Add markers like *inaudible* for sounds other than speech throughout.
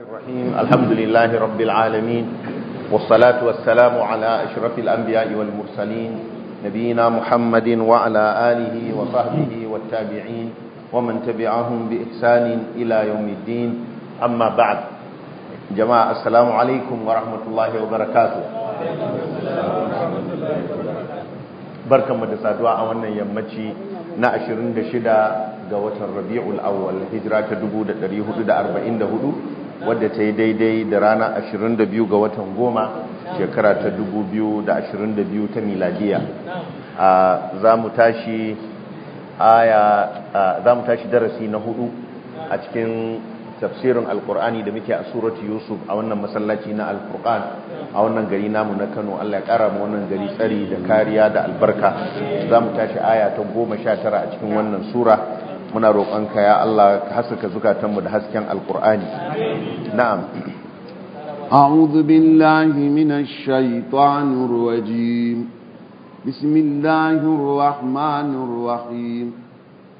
الرحيم الحمد لله رب العالمين والصلاة والسلام على أشرف الأنبياء والمرسلين نبينا محمد وعلى آله وصحبه والتابعين ومن تبعهم بإحسان إلى يوم الدين أما بعد جماعة السلام عليكم ورحمة الله وبركاته بركة مدسة دعاء وانا يمتي na 26 ga watan rabi'ul awwal hijira ta 1444 wadda ta yi daidai da rana 22 ga watan goma shekara ta 2022 ta miladiya za mu tashi darasi na hudu a cikin tafsirin alkur'ani da muke a suratu yusuf a wannan masallaci na alkur'an a wannan gari namu na kano allah ya kara wannan gari tsari da kariya da albarka za mu tashi aya ta goma sha tara a cikin wannan sura muna roƙonka ya Allah haskaka zukatanmu da hasken alƙur'ani na'am a'udhu billahi minash shaitanir rajim bismillahir rahmanir rahim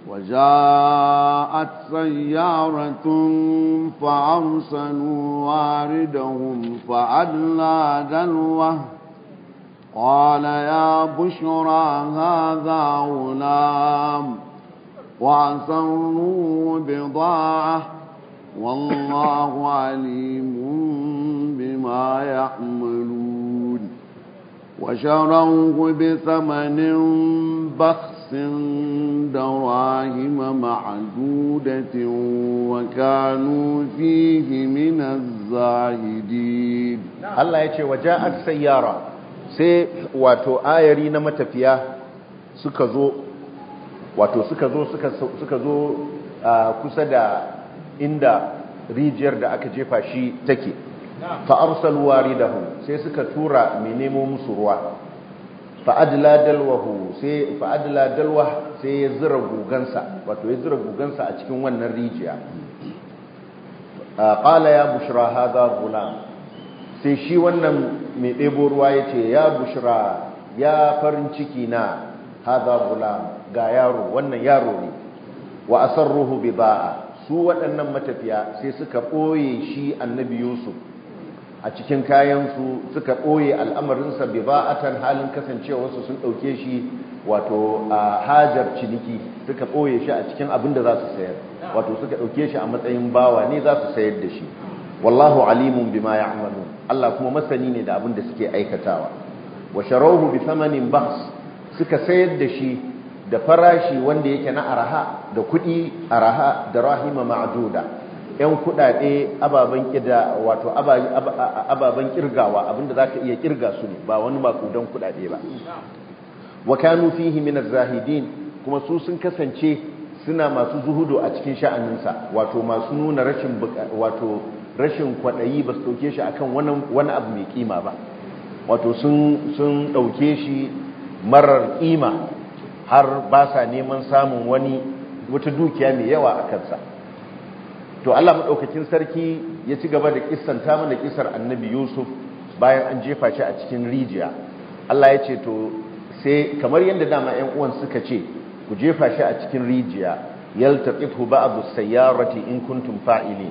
وجاءت سيارة فأرسلوا واردهم فأدلى دلوه قال يا بشرى هذا غلام وعسروا بضاعة والله عليم بما يعملون وشروه بثمن بخس دراهم معدودة وكانوا فيه من الزاهدين الله يتشي وجاءت سيارة sai wato ayari na matafiya suka wato suka zo suka zo kusa da inda rijiyar da aka jefa shi take fa arsalu waridahu sai suka tura mai nemo musu ruwa fa adla dalwahu sai fa adla dalwa sai ya zira gugansa wato ya zira gugansa a cikin wannan rijiya qala ya bushra hadha gulam sai shi wannan mai ɗebo ruwa yace ya bushra ya farin ciki na hadha gulam ga yaro wannan yaro ne wa asarruhu bida'a su waɗannan matafiya sai suka ɓoye shi annabi yusuf a cikin kayansu suka ɓoye al'amarinsa bida'atan halin kasancewarsu sun ɗauke shi wato a hajar ciniki suka ɓoye shi a cikin abin da za su sayar wato suka ɗauke shi a matsayin bawa ne za su sayar da shi wallahu alimun bima ya'malu Allah kuma masani ne da abin da suke aikatawa wa sharawhu bi thamanin bahs suka sayar da shi da farashi wanda yake na araha da kuɗi araha da rahima ma'aduda yan kuɗaɗe ababen ƙida wato ababen ƙirgawa abinda za ka iya ƙirga su ne ba wani makudan kuɗaɗe ba wa kanu fihi zahidin kuma su sun kasance suna masu zuhudu a cikin sha'aninsa wato masu nuna rashin wato rashin kwaɗayi ba su ɗauke shi akan wani abu mai kima ba wato sun ɗauke shi marar kima har ba sa neman samun wani wata dukiya mai yawa a kansa to Allah madaukakin sarki ya ci gaba da kissanta mana kissar annabi Yusuf bayan an jefa shi a cikin rijiya Allah ya ce to sai kamar yadda dama ƴan uwan suka ce ku jefa shi a cikin rijiya yaltaqithu ba'd as-sayyarati in kuntum fa'ili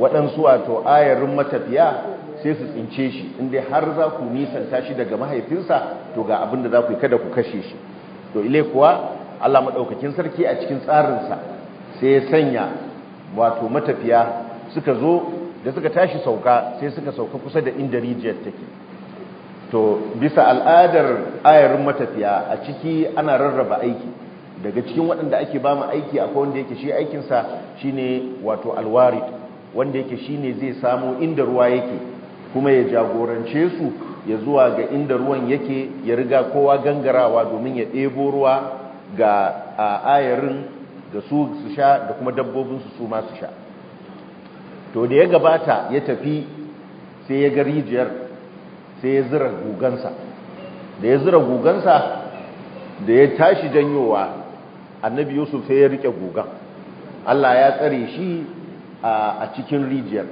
waɗansu wato ayarin matafiya sai su tsince shi inda har za ku nisanta shi daga mahaifinsa to ga abin da za ku yi kada ku kashe shi to ile kuwa Allah madaukakin sarki a cikin tsarinsa sai ya sanya wato matafiya suka zo da suka tashi sauka sai suka sauka kusa da inda rijiyar take to bisa al'adar ayarin matafiya a ciki ana rarraba aiki daga cikin waɗanda ake ba mu aiki a wanda yake shi aikinsa shine wato alwarid wanda yake shine zai samu inda ruwa yake kuma ya jagorance su ya zuwa ga inda ruwan yake ya riga kowa gangarawa domin ya ɗebo ruwa ga ayarin da su su sha da kuma dabbobinsu su ma su sha to da ya gabata ya tafi sai ya ga rijiyar sai ya zira gugansa da ya zira gugansa da ya tashi janyowa annabi yusuf sai ya rike gugan allah ya tsare shi a cikin rijiyar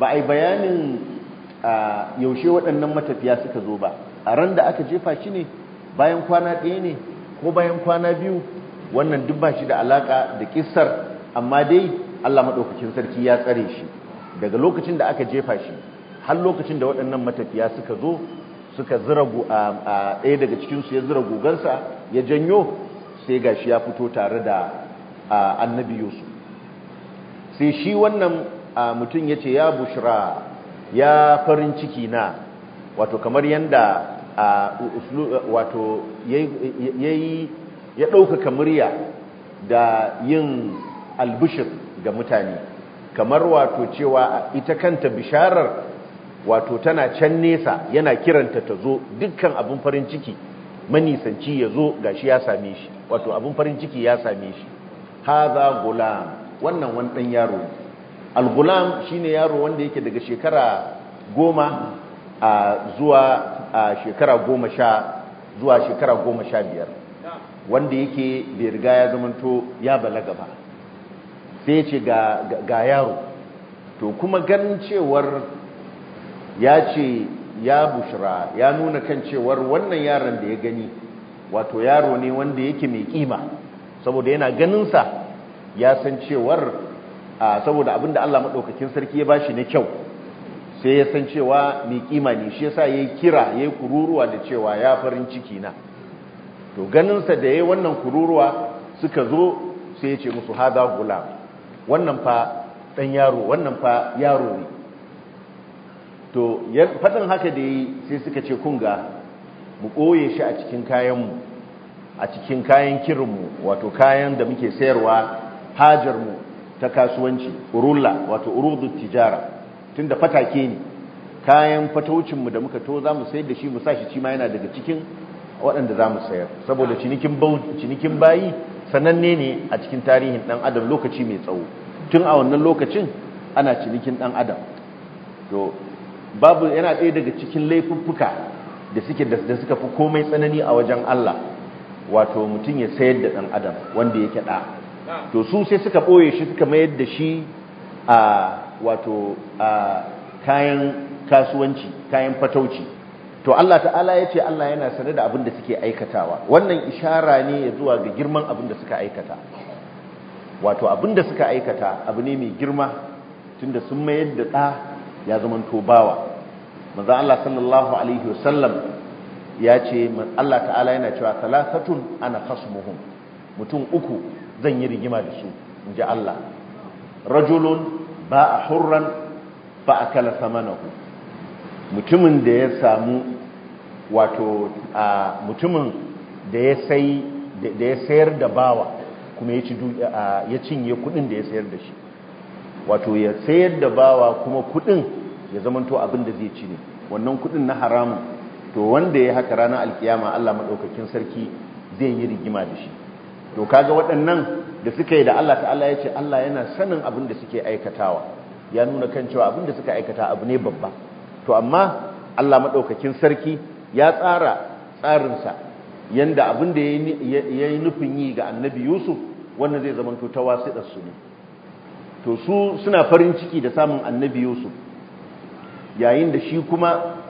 ba a yi bayanin a yaushe waɗannan matafiya suka zo ba a ran da aka jefa shi ne bayan kwana ɗaya ne ko bayan kwana biyu wannan duk ba shi da alaƙa da ƙisar amma dai Allah maɗaukacin sarki ya tsare shi daga lokacin da aka jefa shi har lokacin da waɗannan matafiya suka zo suka zira a ɗaya daga cikinsu ya zira gogansa ya janyo sai ga shi ya fito tare da annabi Yusuf sai shi wannan mutum ya ce ya bushra ya farin ciki na wato kamar yadda yanda wato yi ya ɗaukaka murya da yin albishir ga mutane kamar wato cewa ita kanta bisharar wato tana can nesa yana kiranta ta zo dukkan abin farin ciki manisanci ya zo ga shi ya same shi wato abin farin ciki ya same shi haza gulam wannan wani ɗan yaro ne al-gulam shine yaro wanda yake daga shekara goma a zuwa a shekara goma sha zuwa shekara goma sha biyar wanda yake bai riga ya zamanto ya balaga ba sai ce ga yaro to kuma ganin cewar ya ce ya bushira ya nuna kan cewar wannan yaron da ya gani wato yaro ne wanda yake mai kima saboda yana ganinsa ya san cewar saboda abin da Allah maɗaukakin sarki ya ba shi na kyau sai ya san cewa mai kima ne shi yasa yayi kira ya yi kururuwa da cewa ya farin ciki na to ganinsa da ya yi wannan kururuwa suka zo sai ya ce musu hada gula, wannan fa ɗan yaro wannan fa yaro ne to faɗin haka da yi sai suka ce kunga mu ɓoye shi a cikin kayanmu a cikin kayan kirinmu wato kayan da muke sayarwa hajarmu ta kasuwanci urulla wato urudu tijara tunda fatake ne kayan fataucin mu da muka to za mu sayar da shi mu sashi shi yana daga cikin waɗanda za mu sayar saboda cinikin cinikin bayi sananne ne a cikin tarihin ɗan adam lokaci mai tsawo tun a wannan lokacin ana cinikin dan adam to babu yana ɗaya daga cikin laifuffuka da suke da suka fi komai tsanani a wajen Allah wato mutum ya sayar da ɗan adam wanda yake da to su sai suka ɓoye shi suka mayar da shi a wato a kayan kasuwanci kayan fatauci to Allah ta'ala ya ce Allah yana sane da abin da suke aikatawa wannan ishara ne ya zuwa ga girman abin da suka aikata wato abin da suka aikata abu ne mai girma tunda sun mayar da ɗa ya zama tobawa manzan Allah sallallahu alaihi wasallam ya ce Allah ta'ala yana cewa talatatun ana khasmuhum mutum uku zan yi rigima da su in ji Allah rajulun ba a hurran ba a kala samanahu mutumin da ya samu wato mutumin da ya sayar da bawa kuma ya cinye kudin da ya sayar da shi wato ya sayar da bawa kuma kudin ya zamanto abin da zai ci ne wannan kudin na haramun to wanda ya haka ranar alkiyama Allah maɗaukakin sarki zai yi rigima da shi to kaga waɗannan da suka yi da Allah ta'ala ya ce Allah yana sanin abin da suke aikatawa ya nuna kan cewa abin da suka aikata abu ne babba to amma Allah maɗaukakin sarki ya tsara tsarinsa yanda abin da ya yi nufin yi ga annabi Yusuf wannan zai zamanto ta wasiɗarsu ne to su suna farin ciki da samun annabi Yusuf yayin da shi kuma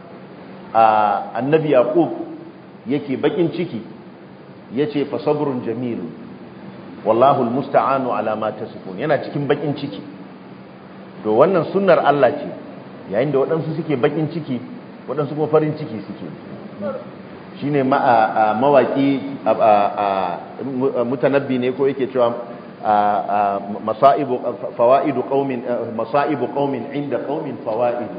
annabi yaƙub yake baƙin ciki yace fa sabrun jamil wallahu almusta'anu ala ma tasifun yana cikin bakin ciki to wannan sunnar Allah ce yayin da waɗansu suke bakin ciki waɗansu kuma farin ciki suke shine mawaki mutanabbi ne ko yake cewa masaibu fawaidu qaumin masaibu qaumin inda qaumin fawaidu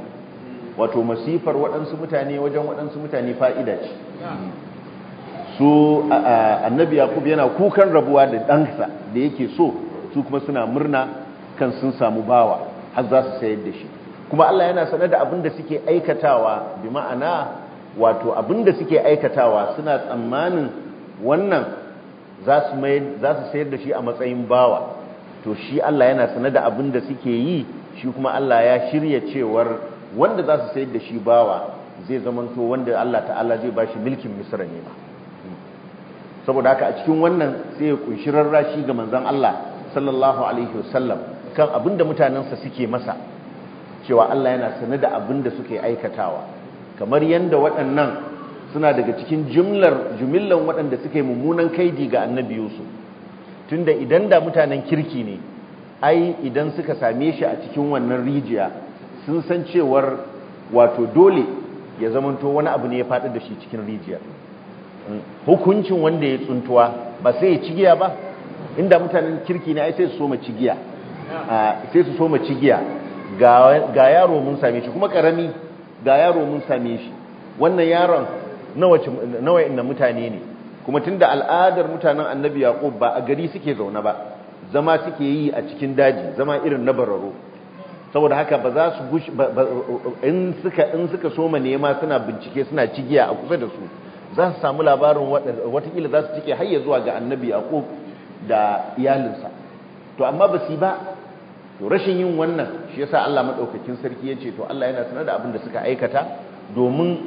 wato masifar waɗansu mutane wajen waɗansu mutane fa'ida ce su annabi yakub yana kukan rabuwa da ɗansa da yake so su kuma suna murna kan sun samu bawa har za su sayar da shi kuma Allah yana sanar da abin da suke aikatawa bi ma'ana wato abin da suke aikatawa suna tsammanin wannan za su sayar da shi a matsayin bawa to shi Allah yana sanar da abin da suke yi shi kuma Allah ya shirya cewar wanda za su sayar da shi bawa zai zamanto wanda Allah ta'ala zai ba shi milkin misra ne ba saboda haka a cikin wannan sai ya kunshi rarrashi ga manzon Allah sallallahu alaihi wasallam kan abinda mutanensa suke masa cewa Allah yana sanar da abinda suke aikatawa kamar yanda waɗannan suna daga cikin jumlar jumillan waɗanda suke mummunan kaidi ga annabi Yusuf tunda idan da mutanen kirki ne ai idan suka same shi a cikin wannan rijiya sun san cewar wato dole ya zamanto wani abu ne ya faɗi da shi cikin rijiyar hukuncin wanda ya tsuntuwa ba sai ya cigiya ba inda mutanen kirki ne sai su soma cigiya ah, sai su soma cigiya ga yaro mun same shi kuma karami ga yaro mun same shi wannan yaron nawa inda mutane ne kuma tunda al'adar mutanen annabi yaqub ba a gari suke zaune ba zama suke yi a cikin daji zama irin na bararo saboda haka ba za su in suka in suka soma nema suna bincike suna cigiya a kusa da su za su samu labarin watakila za su cike hayya zuwa ga annabi ƙo da iyalinsa to amma ba su ba to rashin yin wannan shi yasa Allah maɗaukakin sarki ya ce to Allah yana sanar da abin da suka aikata domin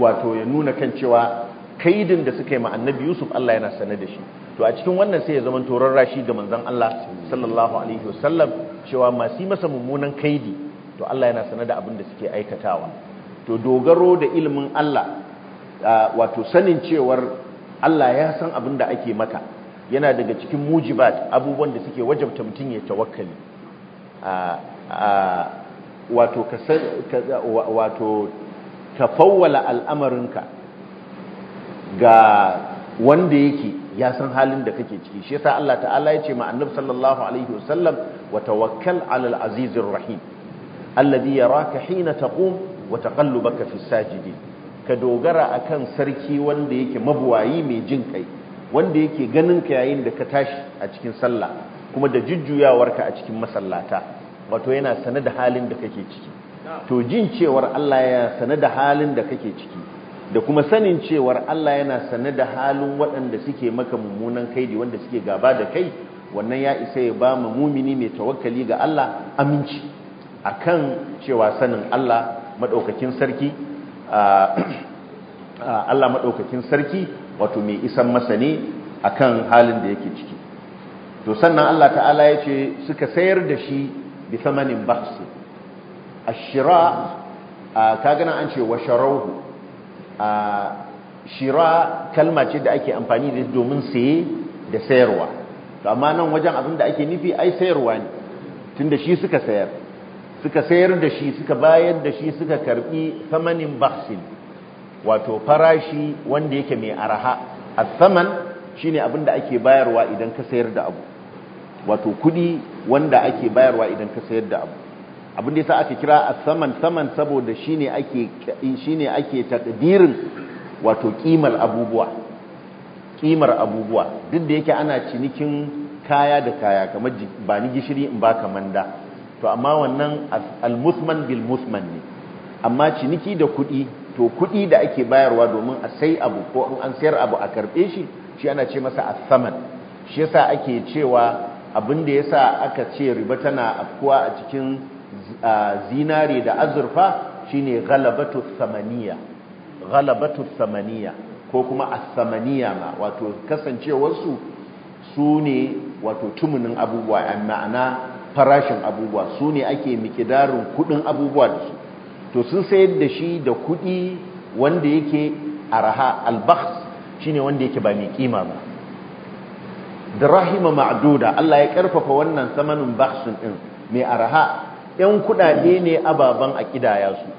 wato ya nuna kan cewa kaidin da suka yi ma annabi Yusuf Allah yana sanar da shi to a cikin wannan sai ya zama toron rashi ga manzon Allah sallallahu alaihi wasallam cewa masu masa mummunan kaidi to Allah yana sanar da abin da suke aikatawa to dogaro da ilimin Allah wato sanin cewar Allah ya san abin da ake mata yana daga cikin mujibat abubuwan da suke wajabta mutum ya tawakkali wato ka wato ka al'amarinka ga wanda yake ya san halin da kake ciki shi yasa Allah ta'ala ya ce ma annab sallallahu alaihi wasallam wa tawakkal 'alal azizir rahim alladhi yaraka hina taqum wa taqallubaka fis sajidin ka dogara a kan sarki wanda yake mabuwayi mai jin kai wanda yake ganin ka yayin da ka tashi a cikin sallah kuma da jujjuyawarka a cikin masallata wato yana sane da halin da kake ciki to jin cewar Allah ya sane da halin da kake ciki da kuma sanin cewar Allah yana sane da halin waɗanda suke maka mummunan kaidi wanda suke gaba da kai wannan ya isa ya ba mu mumini mai tawakkali ga Allah aminci akan cewa sanin Allah madaukakin sarki Allah maɗaukakin sarki wato mai isan masa ne kan halin da yake ciki to sannan Allah ta'ala ya ce suka sayar da shi bi thamanin A shira ka gana an ce wa sharahu shira kalma ce da ake amfani da domin saye da sayarwa to amma nan wajen abin da ake nufi ai sayarwa ne Tun da shi suka sayar suka sayar da shi suka bayar da shi suka karbi samanin bahsin wato farashi wanda yake mai araha as-saman shine abin da ake bayarwa idan ka sayar da abu wato kudi wanda ake bayarwa idan ka sayar da abu abin da yasa aka kira as-saman saman saboda shine ake shine ake takdirin wato kimar abubuwa kimar abubuwa duk da yake ana cinikin kaya da kaya kamar ba ni gishiri in baka manda to amma wannan al-musman bil musman ne amma ciniki da kuɗi to kuɗi da ake bayarwa domin a sai abu ko in an sayar abu a karbe shi shi ana ce masa as-saman shi yasa ake cewa abin da yasa aka ce riba tana afkuwa a cikin zinare da azurfa shine ghalabatu samaniya ghalabatu samaniya ko kuma as-samaniya ma wato kasancewarsu su ne wato tumunin abubuwa ma'ana farashin abubuwa su ne ake mikidarin kudin abubuwa da su to sun sayar da shi da kudi wanda yake araha albahs shine wanda yake ba mai kima ba rahima ma'duda Allah ya karfafa wannan samanin bahsin din mai araha yan kudade ne ababan akidaya su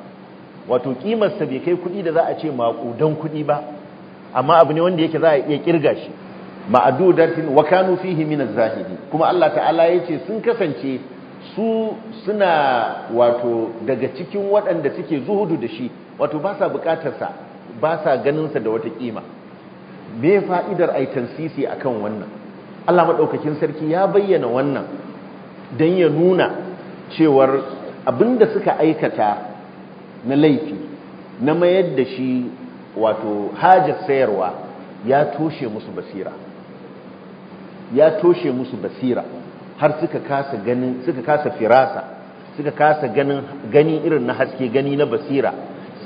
wato kimar bai kai kudi da za a ce maƙudan kudi ba amma abu ne wanda yake za a iya kirga shi ma'adudatin wa kanu fihi min az-zahidi kuma Allah ta'ala yace sun kasance su suna wato daga cikin waɗanda suke zuhudu da shi wato ba sa buƙatar sa ba sa ganin sa da wata kima me fa'idar ai tansisi akan wannan Allah madaukakin sarki ya bayyana wannan dan ya nuna cewar abinda suka aikata na laifi na mayar da shi wato hajar sayarwa ya toshe musu basira ya toshe musu basira har suka kasa ganin suka kasa firasa suka kasa ganin gani irin na haske gani na basira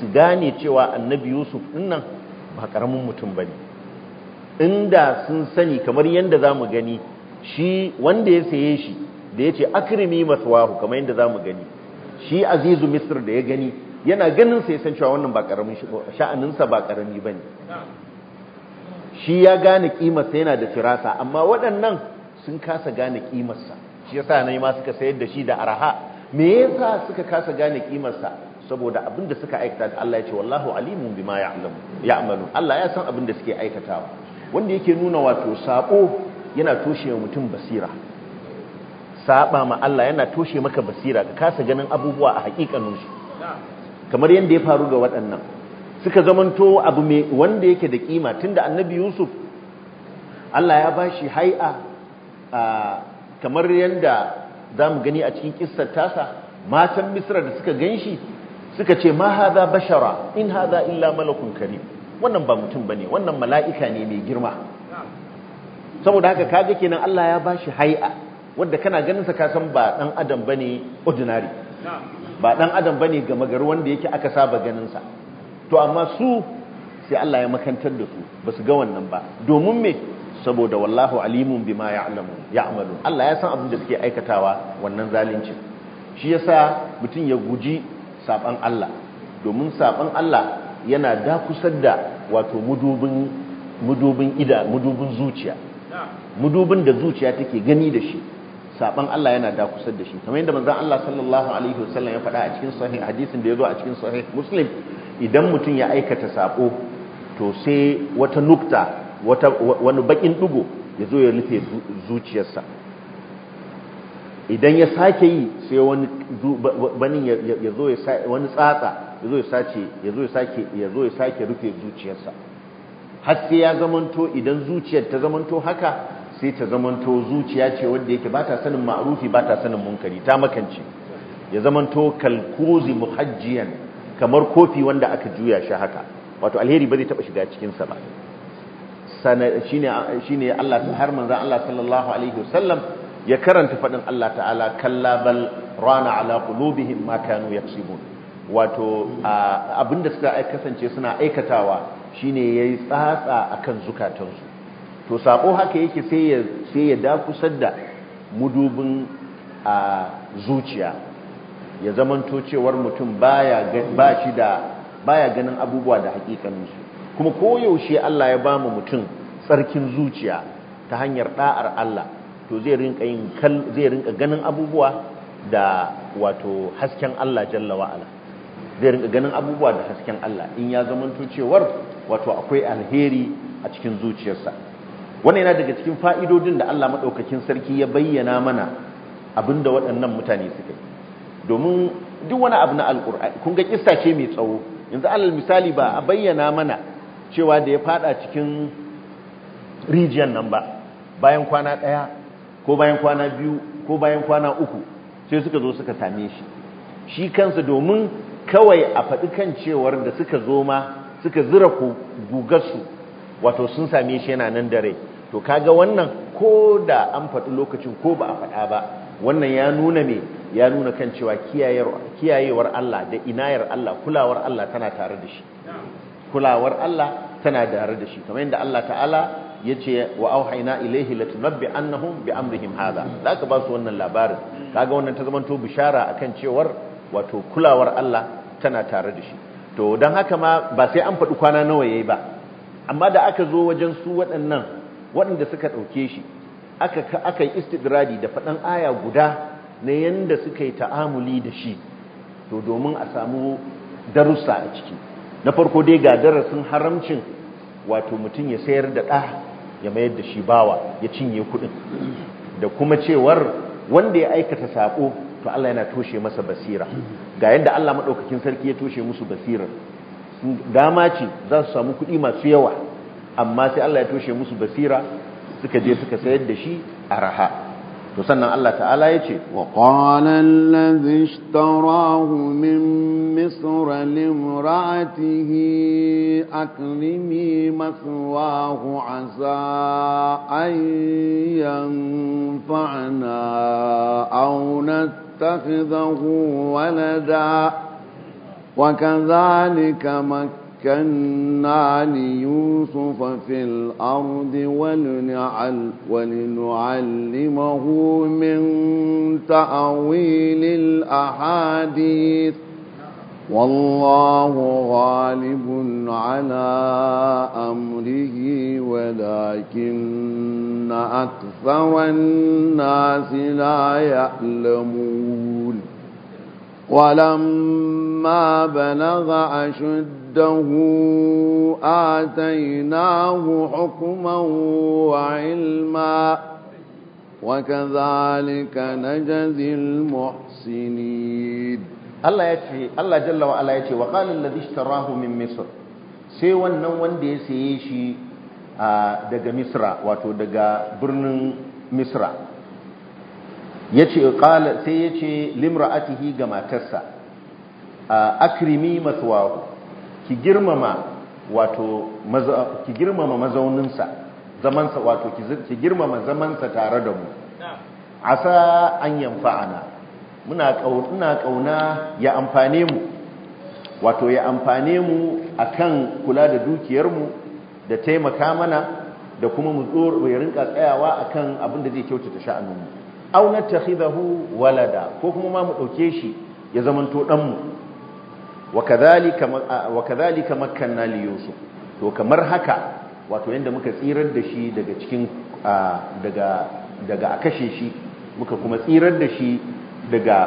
su gane cewa annabi yusuf dinnan ba karamin mutum bane inda sun sani kamar yadda zamu gani shi wanda ya saye shi da yace akrimi maswahu kamar yadda zamu gani shi azizu misr da ya gani yana ganin sai san cewa wannan ba karamin sha'aninsa ba karami bane shi ya gane kimarsa yana da firasa amma waɗannan sun kasa gane kimarsa shi yasa ne ma suka sayar da shi da araha me yasa suka kasa gane kimarsa saboda abin da suka aikata da Allah ya ce wallahu alimun bima ya'lamu ya'malu Allah ya san abin da suke aikatawa wanda yake nuna wato sabo yana toshe mutum basira saba ma Allah yana toshe maka basira ka kasa ganin abubuwa a hakikanin su kamar yadda ya faru ga waɗannan suka zamanto abu mai wanda yake da kima tunda annabi yusuf Allah ya ba shi hai'a kamar yadda za mu gani a cikin kissar tasa matan misra da suka gan shi suka ce ma haza bashara in haza illa malakun kare wannan ba mutum ba ne wannan mala'ika ne mai girma saboda haka kaga kenan Allah ya bashi hai'a wadda kana ganin sa ka ba dan adam bane ordinary ba dan adam bane ga magar wanda yake aka saba ganin sa to amma su sai Allah ya makantar da su ba su ga wannan ba domin me saboda wallahu alimun bima ya'lamu ya'malu Allah ya san abin da suke aikatawa wannan zalunci shi yasa mutum ya guji saban Allah domin saban Allah yana dakusar da wato mudubin mudubin ida mudubin zuciya mudubin da zuciya take gani da shi saban Allah yana dakusar da shi kamar yadda manzon Allah sallallahu alaihi wasallam ya faɗa a cikin sahih hadisin da ya zo a cikin sahih muslim idan mutum ya aikata saƙo to sai wata nukta wani bakin dugo ya zo ya rufe zuciyarsa idan ya sake yi sai wani tsatsa ya zo ya sake ya zo ya sake rufe zuciyarsa har sai ya zamanto idan zuciyar ta zamanto haka sai ta zamanto zuciya ce wanda yake ba ta sanin ma'arufi ba ta sanin munkari ta makance ya zamanto kalkuzi muhajjiyan kamar kofi wanda aka juya shi haka wato alheri ba zai taba shiga cikin sa ba shine Allah har manzo Allah sallallahu alaihi wasallam ya karanta fadin Allah ta'ala kalla rana ala qulubihim ma kanu yaksibun wato abinda suka kasance suna aikatawa shine yayi tsatsa akan zukatansu to sako haka yake sai ya sai ya kusar da mudubin a zuciya ya zamanto cewar mutum baya da baya ganin abubuwa da hakikanin su kuma koyaushe Allah ya ba mu mutum tsarkin zuciya ta hanyar ɗa'ar Allah to zai rinka ganin abubuwa da wato hasken Allah jalla wa'ala zai rinka ganin abubuwa da hasken Allah in ya zamanto cewar wato akwai alheri a cikin zuciyarsa wannan yana daga cikin fa'idodin da Allah madaukakin sarki ya bayyana mana abinda waɗannan mutane suka yi domin duk wani abu na alkur'ani kun ga kista ce mai tsawo yanzu alal misali ba a bayyana mana cewa da ya fada cikin rijiyar nan ba bayan kwana ɗaya ko bayan kwana biyu ko bayan kwana uku sai suka zo suka same shi shi kansa domin kawai a faɗi kan cewar da suka zo ma suka zira gugarsu wato sun same shi yana nan da rai to kaga wannan ko da an faɗi lokacin ko ba a faɗa ba wannan ya nuna me ya nuna kan cewa kiyayewar Allah da inayar Allah kulawar Allah tana tare da shi kulawar Allah tana tare da shi kamar yadda Allah ta'ala ya ce wa auhaina ilaihi latunabbi annahum bi amrihim hadha ka ba su wannan labarin kaga wannan ta zamanto bishara kan cewar wato kulawar Allah tana tare da shi to dan haka ma ba sai an faɗi kwana nawa ya yi ba amma da aka zo wajen su waɗannan waɗanda suka ɗauke shi aka aka yi istidradi da faɗan aya guda na yanda suka yi ta'amuli da shi to domin a samu darussa a ciki na farko dai ga darasin haramcin wato mutum ya sayar da ɗa ya mayar da shi bawa ya cinye kuɗin da kuma cewar wanda ya aikata saƙo to Allah yana toshe masa basira ga yanda Allah maɗaukakin sarki ya toshe musu basirar dama ce za su samu kuɗi masu yawa amma sai Allah ya toshe musu basira suka je suka sayar da shi a raha to sannan Allah ta'ala ya ce wa qala allazi ishtarahu min misr limra'atihi akrimi maswahu asa an yanfa'na aw nattakhidhahu walada وكذلك مكنا مكنا ليوسف في الأرض ولنعل ولنعلمه من تأويل الأحاديث والله غالب على أمره ولكن أكثر الناس لا يعلمون ولما بلغ أشده آتيناه حكما وعلما وكذلك نجزي المحسنين الله يتي الله جل وعلا يتي وقال الذي اشتراه من مصر sai wannan wanda ya saye shi daga misra wato daga birnin misra yace qala sai yace limra'atihi ga matarsa akrimi maswahu ki girmama wato ki girmama mazauninsa sa wato ki girmama zamansa tare da mu asa an yanfa'ana muna kauna kauna ya amfane mu wato ya amfane mu akan kula da dukiyar mu da taimaka mana da kuma mu tsoro ya rinka tsayawa akan abin da zai kyautata sha'anin mu aw natakhidahu walada ko kuma ma mu dauke shi ya zamanto dan mu wakadhalika wakadhalika makkanna li yusuf to kamar haka wato yanda muka tsirar da shi daga cikin daga daga akashe shi muka kuma tsirar da shi daga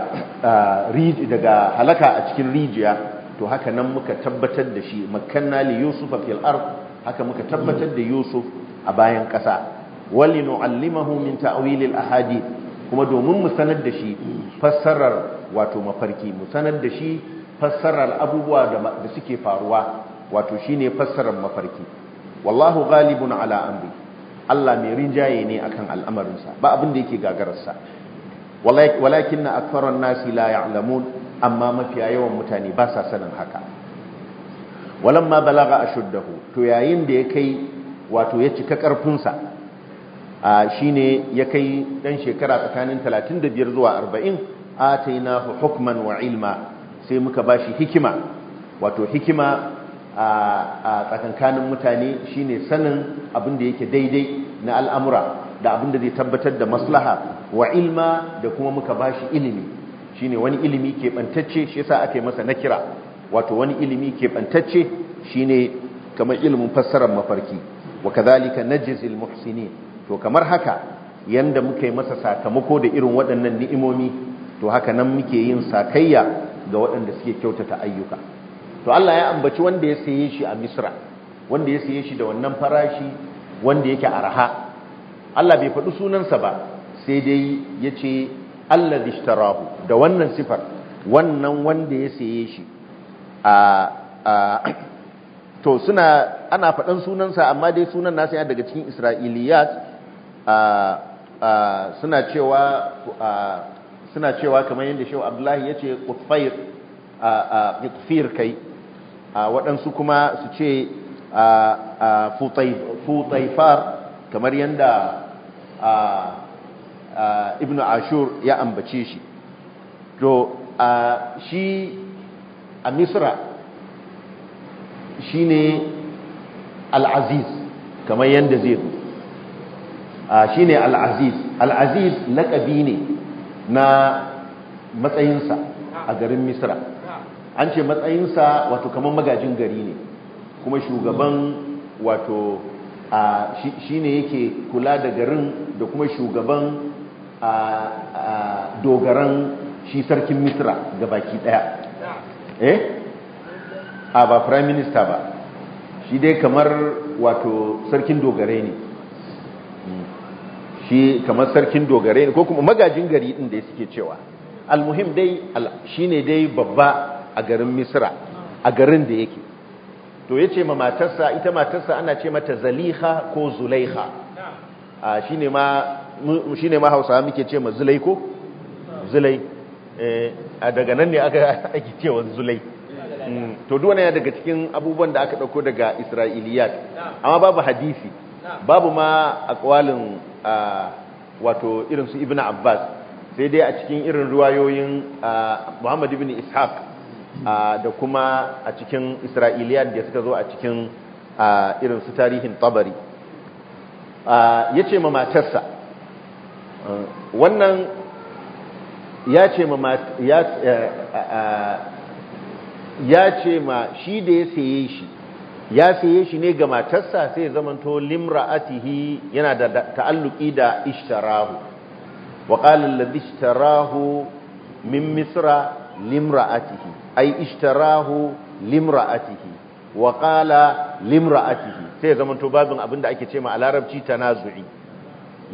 daga halaka a cikin rijiya to haka nan muka tabbatar da shi makkanna li yusuf fil ard haka muka tabbatar da yusuf a bayan kasa walinu'allimahu min ta'wilil ahadith kuma domin mu sanar da shi fassarar wato mafarki mu sanar da shi fassarar abubuwa da suke faruwa wato shine fassarar mafarki wallahu ghalibun ala amri Allah mai rinjaye ne akan al'amarinsa ba abin da yake gagararsa walakin na akfaran nasi la ya'lamun amma mafiya yawan mutane ba sa sanin haka walamma balaga ashuddahu to yayin da ya kai wato ya cika karfinsa shine ya kai dan shekara tsakanin 35 zuwa 40 na hukman wa ilma sai muka ba shi hikima wato hikima a tsakankanin mutane shine sanin abin da yake daidai na al'amura da abin da zai tabbatar da maslaha wa ilma da kuma muka bashi ilimi shine wani ilimi ke bantacce shi yasa aka yi masa nakira wato wani ilimi ke bantacce shine kamar ilimin fassarar mafarki wa kazalika najzil muhsinin to kamar haka yanda muka yi masa sakamako da irin waɗannan ni'imomi to haka nan muke yin sakayya ga waɗanda suke kyautata ayyuka to Allah ya ambaci wanda ya saye shi a Misra wanda ya saye shi da wannan farashi wanda yake arha Allah bai faɗi sunansa ba sai dai ya ce, Allah ishtarahu da wannan sifar wannan wanda ya saye shi a to suna ana faɗan sunansa amma dai sunan nasa yana daga cikin Isra'iliyat suna cewa kamar yadda shehu abdullahi ya ce kufir kai waɗansu kuma su ce futaifar kamar yadda ibn ashur ya ambace shi to shi a misra shi ne al'aziz kamar yadda zai shine ne al'aziz al’aziz laƙabi ne na matsayinsa a garin misra an ce matsayinsa wato kamar magajin gari ne kuma shugaban wato shi ne yake kula da garin da kuma shugaban dogaran shi sarkin misra ga baki daya eh a ba prime minister ba shi dai kamar wato sarkin dogare ne shi kamar sarkin dogare ko kuma magajin gari din da suke cewa almuhim dai shine dai babba a garin misra a garin da yake to yace ma matarsa ita matarsa ana ce mata zaliha ko zulaiha shine ma ma hausawa muke ce ma zulai ko zulai eh, daga nan ne aka ake cewa zulai hmm, to duk wannan daga cikin abubuwan da aka ɗauko daga isra'iliyat amma babu hadisi babu ma aqwalin wato irin su ibn abbas sai dai a cikin irin ruwayoyin muhammad ibn ishaq da kuma a cikin isra'iliyar da suka zo a cikin irin su tarihin tabari ya ce ma matarsa wannan ya ce ma ya ce ma shi da ya saye shi ya saye shi ne ga matarsa sai zamanto limra'atihi yana da ta'alluki da ishtarahu wa qala alladhi ishtarahu min misra limra'atihi ai ishtarahu limra'atihi wa qala limra'atihi sai zamanto babin abinda ake cewa a larabci tanazu'i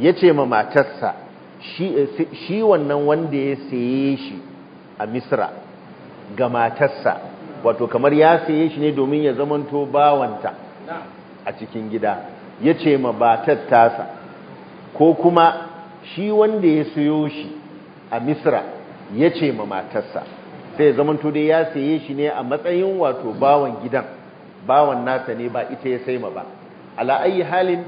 yace ma matarsa shi shi wannan wanda ya saye shi a misra ga matarsa wato kamar ya saye shi ne domin ya zamanto bawanta a cikin gida ya ce ma ba tasa ko kuma shi wanda ya sayo shi a misra ya ce ma matarsa sai ya zamanto dai ya saye shi ne a matsayin wato bawan gidan bawan nasa ne ba ita ya sai ma ba ala halin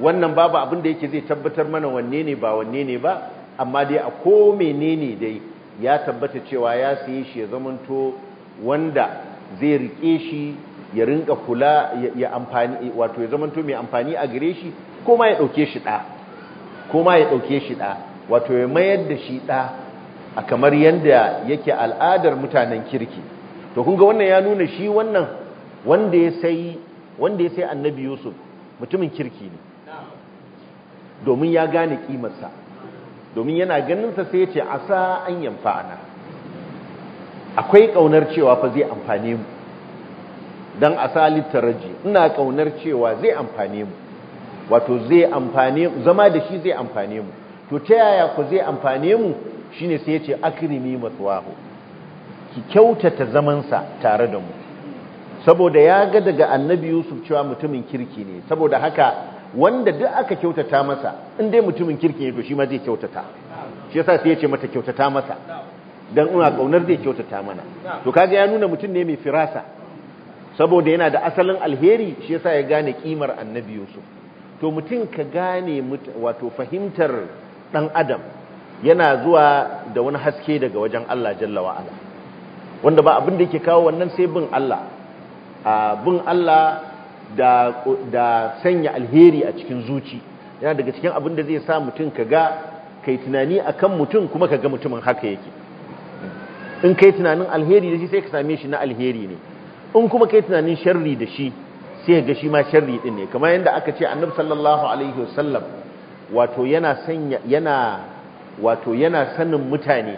wannan babu abin da yake zai tabbatar mana wanne ne ba wanne ne ba amma dai a ko menene dai ya tabbata cewa ya saye shi ya zamanto wanda zai rike shi ya rinka kula ya amfani wato ya zamanto mai amfani a gare shi ko ma ya dauke shi da ko ma ya dauke shi da wato ya mayar da shi da a kamar yanda yake al'adar mutanen kirki to kun ga wannan ya nuna shi wannan wanda ya sai wanda ya sai annabi yusuf mutumin kirki ne domin ya gane kimarsa domin yana ganin sa sai ya ce asa an yanfa'ana akwai kaunar cewa fa zai amfane mu dan ta taraji ina kaunar cewa zai amfane mu wato zai amfane zama da shi zai amfane mu to ta yaya ku zai amfane mu shine sai yace akrimi waho ki kyautata zaman sa tare da mu saboda ya ga daga annabi yusuf cewa mutumin kirki ne saboda haka wanda duk aka kyautata masa in dai mutumin kirki ne to shi ma zai kyautata shi yasa sai ce mata kyautata masa dan ina kaunar zai kyautata mana to kaga ya nuna mutum ne mai firasa saboda yana da asalin alheri shi yasa ya gane kimar annabi Yusuf to mutum ka gane wato fahimtar dan adam yana zuwa da wani haske daga wajen Allah jalla wa ala wanda ba abin da yake kawo wannan sai bin Allah bin Allah da da sanya alheri a cikin zuci yana daga cikin abin da zai sa mutum ka ga kai tunani akan mutum kuma ka ga mutumin haka yake in kai tunanin alheri da shi sai ka same shi na alheri ne in kuma kai tunanin sharri da shi sai ga shi ma sharri din ne kamar yadda aka ce annab sallallahu alaihi wasallam wato yana sanya yana wato yana sanin mutane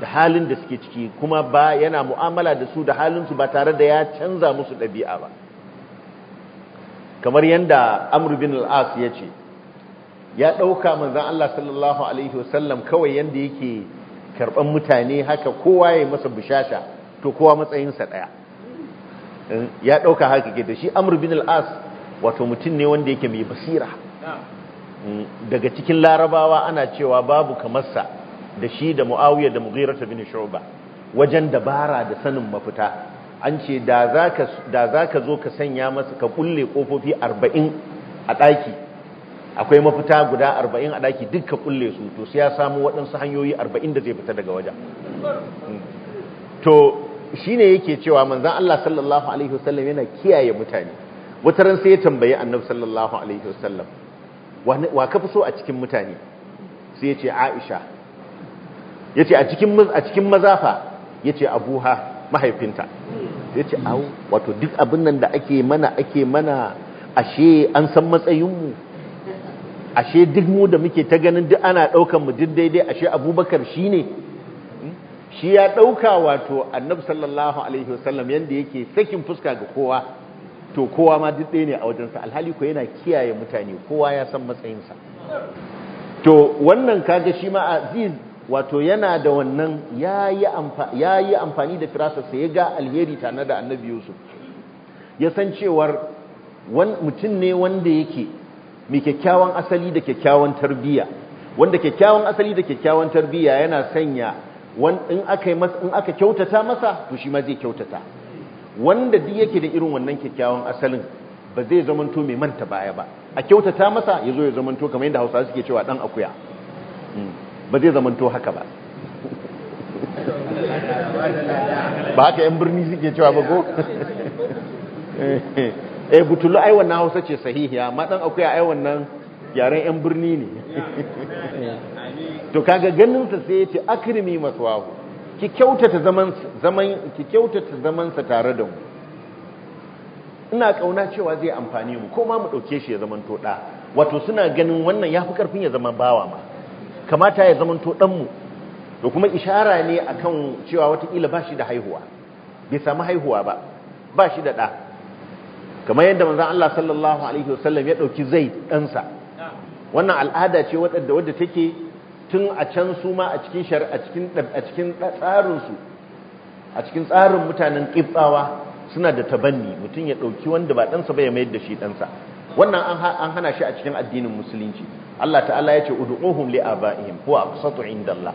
da halin da suke ciki kuma ba yana mu'amala da su da halin su ba tare da ya canza musu ɗabi'a ba kamar yadda Amr bin al-As ya ce ya ɗauka manzon Allah sallallahu alaihi wasallam kawai yanda yake karban mutane haka kowa ya yi masa bishasha to kowa matsayinsa ɗaya eh, ya ɗauka haka ke da shi amur bin al'as wato mutum ne wanda yake mai basira eh, daga cikin larabawa ana cewa babu kamarsa da shi da mu'awiyar da mughirah bin shu'ba wajen dabara da sanin mafita an ce da za ka zo ka sanya masa ka kulle kofofi arba'in a ɗaki akwai mafita guda arba'in a daki dukkan kulle su to sai ya samu waɗansu hanyoyi arba'in da zai fita daga wajen hmm. to shi ne yake cewa manzan Allah sallallahu alaihi wasallam yana kiyaye mutane wata sai ya tambayi annabi sallallahu alaihi wasallam wa ka fi so a cikin mutane sai ya ce Aisha ya ce a cikin mazafa ya ce abuha mahaifinta ya ce au wato duk abin nan da ake mana ake mana ashe an san matsayinmu ashe duk mu da muke ta ganin duk ana ɗaukan mu duk daidai ashe abubakar shi ne hmm? shi ya ɗauka wato annabi sallallahu alaihi wasallam yadda yake sakin fuska ga kowa to kowa ma duk ɗaya ne a wajensa alhali ko yana kiyaye mutane kowa ya san matsayinsa to wannan kaga shi ma aziz wato yana da wannan ya yi amfani da firasarsa ya ga alheri tana da annabi yusuf ya san cewar mutum ne wanda yake mai kyakkyawan asali da kyakkyawan tarbiyya wanda kyakkyawan asali da kyakkyawan tarbiyya yana sanya in aka in aka kyautata masa to shi ma zai kyautata wanda duk yake da irin wannan kyakkyawan asalin ba zai zamanto mai manta baya ba a kyautata masa yazo ya zamanto kamar yadda Hausawa suke cewa dan akuya hmm. ba zai zamanto haka ba *laughs* ba haka yan birni suke cewa ba ko *laughs* eh. eh butulu ai wannan hausa ce sahihiya amma dan akuya ai wannan yaren yan birni ne to kaga ganin sa sai yace akrimi maswahu ki kyautata zaman zaman ki kyautata zaman sa tare da mu ina kauna cewa zai amfani mu ko ma mu dauke shi ya zaman to da wato suna ganin wannan yafi karfin ya zama bawa ma kamata ya zaman to dan mu da kuma ishara ne akan cewa wata kila bashi da haihuwa bai samu haihuwa ba bashi da da kamar yadda manzon Allah sallallahu alaihi wasallam ya dauki zai ɗansa wannan al'ada ce wadda wadda take tun a can su ma a cikin shar a cikin a cikin tsarin su a cikin tsarin mutanen kibtsawa suna da tabanni mutum ya dauki wanda ba ɗansa ba ya mayar da shi ɗansa wannan an hana shi a cikin addinin musulunci Allah ta'ala ya ce ud'uhum li abaihim huwa aqsatu indallah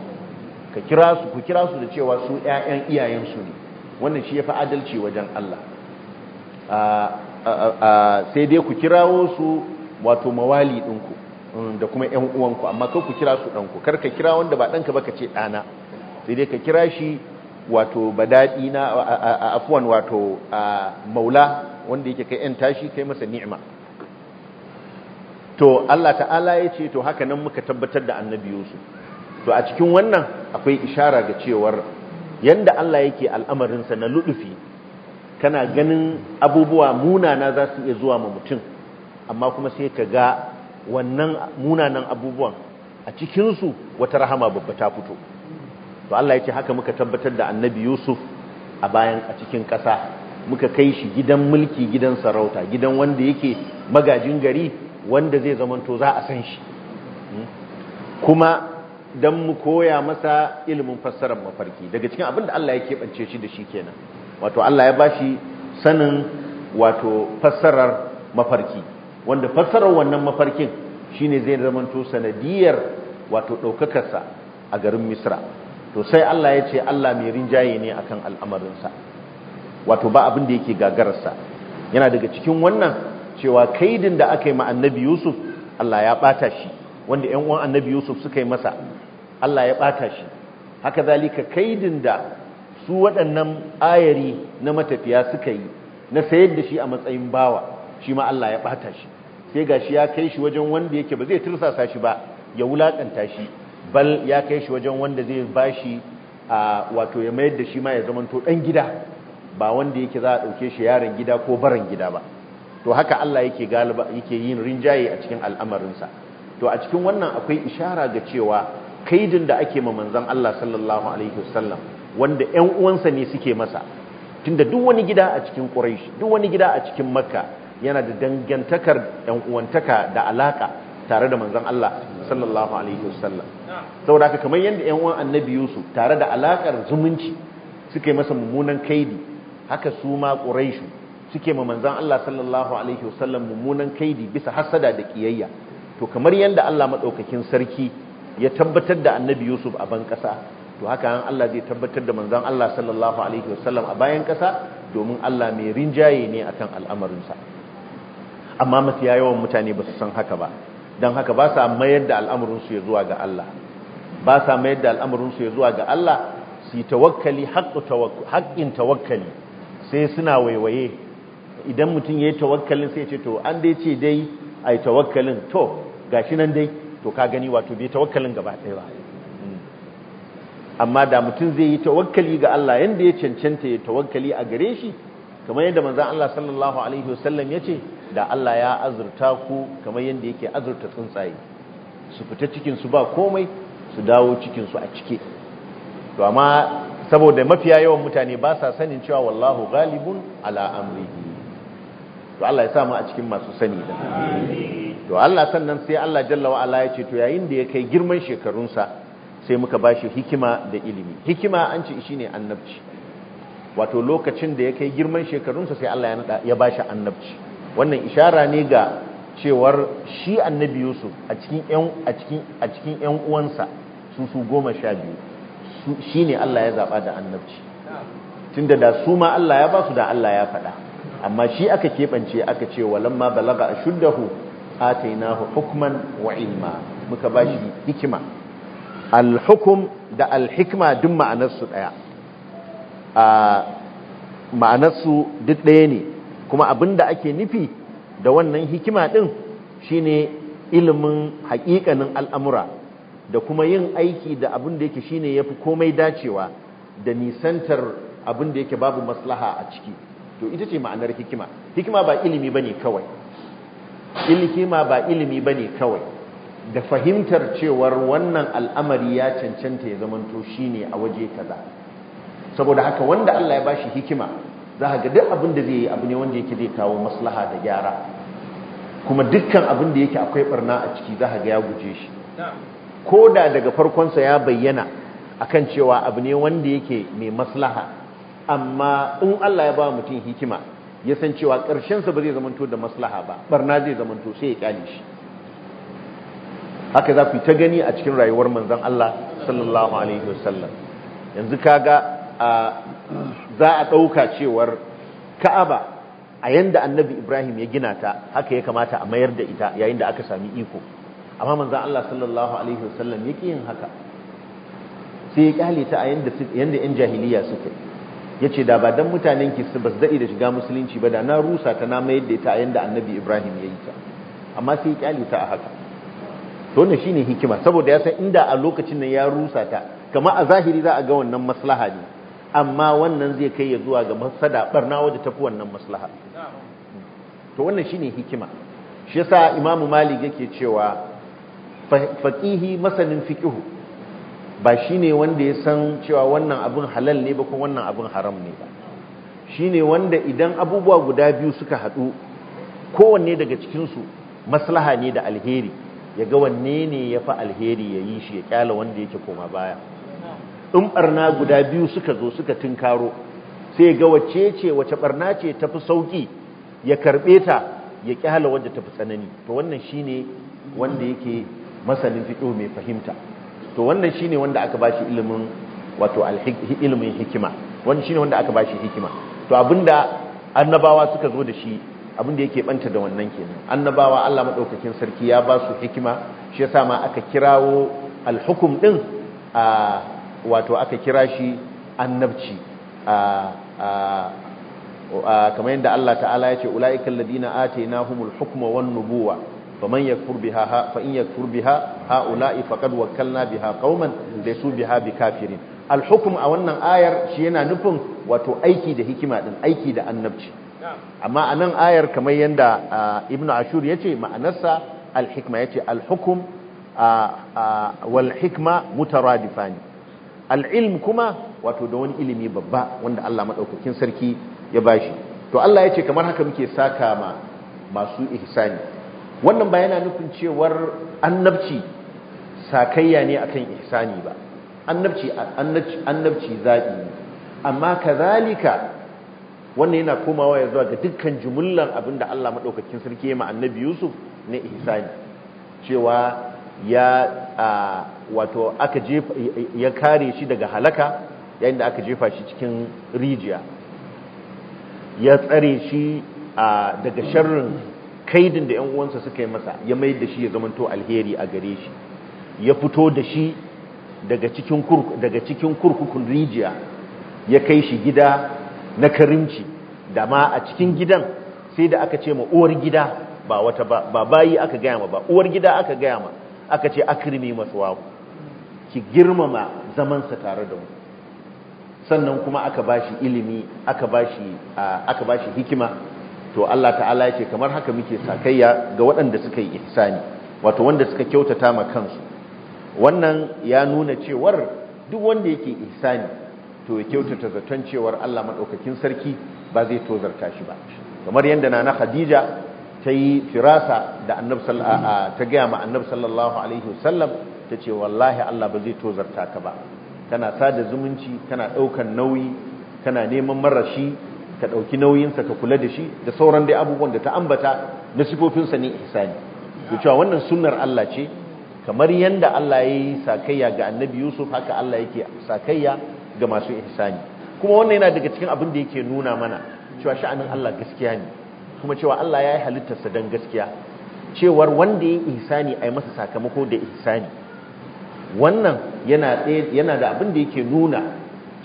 ka kira su ku kira su da cewa su ƴaƴan iyayen su ne wannan shi yafi adalci wajen Allah ah, sai dai ku kirawo su wato mawali ɗinku mm, da kuma ‘yan uwanku amma kai ku kira su ɗanku kar ka kira wanda ba ɗanka ba ka ce ɗana sai dai ka kira shi wato badaɗi na afuwan wato maula wanda yake kai ‘yan tashi kai masa ni'ima to Allah ta'ala ya ce to haka nan muka tabbatar da annabi Yusuf to a cikin wannan akwai ishara ga cewar yanda Allah yake al'amarinsa na luɗufi kana ganin abubuwa munana za su iya zuwa ma mutum amma kuma sai ka ga wannan munanan abubuwan a cikinsu wata rahama babba ta fito to Allah ya ce haka muka tabbatar da annabi Yusuf a bayan a cikin ƙasa muka kai shi gidan mulki gidan sarauta gidan wanda yake magajin gari wanda zai zamanto za a san shi hmm? kuma don mu koya masa ilimin fassarar mafarki daga cikin abinda Allah ya keɓance shi da shi kenan wato Allah ya bashi sanin wato fassarar mafarki wanda fassarar wannan mafarkin shine zai zamanto sanadiyar wato ɗaukakarsa a garin Misra to sai Allah ya ce Allah mai rinjaye ne akan sa wato ba abin da yake gagararsa yana daga cikin wannan cewa kaidin da aka yi ma annabi Yusuf Allah ya bata shi wanda ƴan uwan annabi Yusuf suka yi masa Allah ya bata shi haka zalika kaidin da su waɗannan ayari na matafiya suka yi na sayar da shi a matsayin bawa shi ma Allah ya ɓata shi sai ga shi ya kai shi wajen wanda yake ba zai tursasa shi ba ya wulaƙanta shi bal ya kai shi wajen wanda zai ba shi a wato ya mayar da shi ma ya zamanto ɗan gida ba wanda yake za a ɗauke shi yaron gida ko baran gida ba to haka Allah yake galiba yake yin rinjaye a cikin al'amarinsa to a cikin wannan akwai ishara ga cewa kaidin da ake ma manzon Allah sallallahu alaihi wasallam wanda ‘yan uwansa ne suke masa tunda duk wani gida a cikin ƙuraishi duk wani gida a cikin makka yana da dangantakar ‘yan uwantaka da alaƙa tare da manzan Allah sallallahu alaihi wasallam saboda haka kamar yadda ‘yan uwan annabi yusuf tare da alaƙar zumunci suke masa mummunan kaidi haka su ma ƙuraishi suke ma manzan Allah sallallahu alaihi wasallam mummunan kaidi bisa hassada da ƙiyayya to kamar yadda Allah maɗaukakin sarki ya tabbatar da annabi yusuf a ban ƙasa to haka an Allah zai tabbatar da manzon Allah sallallahu alaihi wasallam a bayan kasa domin Allah mai rinjaye ne akan al'amarinsa amma mafiya yawan mutane ba su san haka ba don haka ba sa mayar da al'amarinsu ya zuwa ga Allah ba sa mayar da al'amarinsu ya zuwa ga Allah su yi tawakkali haƙƙin tawakkali sai suna waiwaye idan mutum ya yi tawakkalin sai ce to an dai ce dai a yi tawakkalin to gashi nan dai to ka gani wato bai tawakkalin gaba ɗaya ba amma da mutum zai yi tawakkali ga Allah yanda ya cancanta ya tawakkali a gare shi kamar yadda manzon Allah sallallahu alaihi wasallam yace da Allah ya azurta ku kamar yadda yake azurta tsuntsaye su fita cikin ba komai su dawo cikin a cike to amma saboda mafiya yawan mutane ba sa sanin cewa wallahu ghalibun ala to Allah ya samu a cikin masu sani da to Allah sannan sai Allah jalla wa ya ce to yayin da ya kai girman shekarunsa sai muka ba shi hikima da ilimi hikima an ce shine annabci wato lokacin da ya kai girman shekarunsa sai Allah ya ba shi annabci wannan ishara ne ga cewar shi annabi Yusuf a cikin yan a cikin yan uwansa su su goma sha biyu shine Allah ya zaɓa da annabci tunda da su ma Allah ya ba su da Allah ya faɗa amma shi aka keɓance aka ce walamma balaga a ashuddahu atainahu hukman wa ilma muka ba shi hikima al-hukum da al-hikma duk ma'anarsu ɗaya ma'anarsu duk ɗaya ne kuma abinda ake nufi da wannan hikima ɗin shine ilimin haƙiƙanin al'amura da kuma yin aiki da abinda yake shine ya komai dacewa da nisantar abinda yake babu maslaha a ciki to ita ce ma'anar hikima hikima ba ilimi ba ilimi ba ne kawai da fahimtar cewar wannan al'amari ya cancanta ya zamanto ne a waje kaza saboda haka wanda Allah ya bashi hikima za ka ga duk abin da zai yi abu ne wanda yake zai kawo maslaha da gyara kuma dukkan abin da yake akwai barna a ciki za ka ga ya guje shi ko da daga farkonsa ya bayyana akan cewa abu ne wanda yake mai maslaha amma in Allah ya ba mutum hikima ya san cewa ƙarshensa ba zai zamanto da maslaha ba barna zai zamanto sai ya kyale shi haka za ku ta gani a cikin rayuwar manzan Allah sallallahu alaihi wasallam yanzu kaga za a ɗauka cewar Ka'aba a yanda Annabi Ibrahim ya gina ta haka ya kamata a mayar da ita yayin da aka sami iko amma manzan Allah sallallahu alaihi wasallam yake yin haka sai ya ƙyale ta a yanda yan jahiliya suke yace da ba dan mutanen ki su basu daɗe da shiga musulunci ba da na rusa ta na mayar da ita a yanda Annabi Ibrahim ya yi ta amma sai ya ƙyale ta a haka to wannan shine hikima saboda ya san inda a lokacin nan ya rusa ta kamar a zahiri za a ga wannan maslaha ne amma wannan zai kai ya zuwa ga masada barna wajen tafi wannan maslaha to wannan shine hikima shi yasa imamu malik yake cewa faqihi masanin fiqh ba shine wanda ya san cewa wannan abun halal ne ba ko wannan abun haram ne ba shine wanda idan abubuwa guda biyu suka haɗu kowanne daga cikinsu maslaha ne da alheri ya ga wanne ne ya fi alheri ya yi shi ya kyala wanda yake koma baya in barna guda biyu suka zo suka tunkaro sai ga wacce ce wace barna ce ta fi sauki ya karbe ta ya kyala wadda ta fi tsanani to wannan shine wanda yake masanin fito mai fahimta to wannan shine wanda aka bashi ilimin wato ilimin hikima wannan shine wanda aka bashi hikima to abinda annabawa suka zo da shi abin da yake banta da wannan kenan annabawa Allah madaukakin sarki ya ba su hikima shi yasa ma aka kirawo alhukum din a wato aka kira shi annabci a kamar yadda Allah ta'ala ya ce ula'ikal ladina atainahumul hukma wan nubuwa faman yakfur biha fa in yakfur biha haula'i faqad wakkalna biha qauman laysu biha bikafirin alhukm a wannan ayar shi yana nufin wato aiki da hikima din aiki da annabci amma a nan ayar kamar yadda ibn ashur ya ce ma'anarsa alhikma ya ce alhukum walhikma mutaradifani al'ilm kuma wato da wani ilimi babba wanda Allah maɗaukakin sarki ya bashi to Allah ya ce kamar haka muke saka ma masu ihsani wannan ba yana nufin cewar annabci sakayya ne akan ihsani ba annabci annabci zaɓi amma kazalika wannan yana komawa ya zuwa ga dukkan jumullan abinda Allah maɗaukakin sarki ya annabi Yusuf na ihsani cewa ya wato aka jefa ya kare shi daga halaka yayin da aka jefa shi cikin rijiya ya tsare shi daga sharrin kaidin da 'yan uwansa suka yi masa ya mayar da shi ya zamanto alheri a gare shi ya fito da shi daga cikin kurkukun rijiya ya kai shi gida na karimci da ma a cikin gidan sai da aka ce ma uwar gida ba wata ba ba bayi aka gaya ma ba uwar gida aka gaya ma aka ce masu masuwahu ki girmama zamansa tare da mu sannan kuma aka bashi ilimi aka bashi aka bashi hikima to Allah ta'ala ya ce kamar haka muke sakayya ga waɗanda suka yi ihsani wato wanda suka kyautata ma kansu wannan ya nuna cewar duk wanda yake ihsani to ya kyautata zaton cewar Allah maɗaukakin sarki ba zai tozarta shi ba kamar yadda na na Khadija ta yi firasa da annabi ta gaya ma annabi sallallahu alaihi wasallam ta ce wallahi Allah ba zai tozarta ka ba kana sada zumunci kana ɗaukan nauyi kana neman marashi ka ɗauki nauyinsa ka kula da shi da sauran dai abubuwan da ta ambata na sifofinsa ne ihsani ku cewa wannan sunnar Allah ce kamar yadda Allah ya yi sakayya ga annabi Yusuf haka Allah yake sakayya ga masu ihsani kuma wannan yana daga cikin abin da yake nuna mana cewa sha'anin Allah gaskiya ne kuma cewa Allah ya yi halittarsa don gaskiya cewar wanda ya yi ihsani a yi masa sakamako da ihsani wannan yana da abin da yake nuna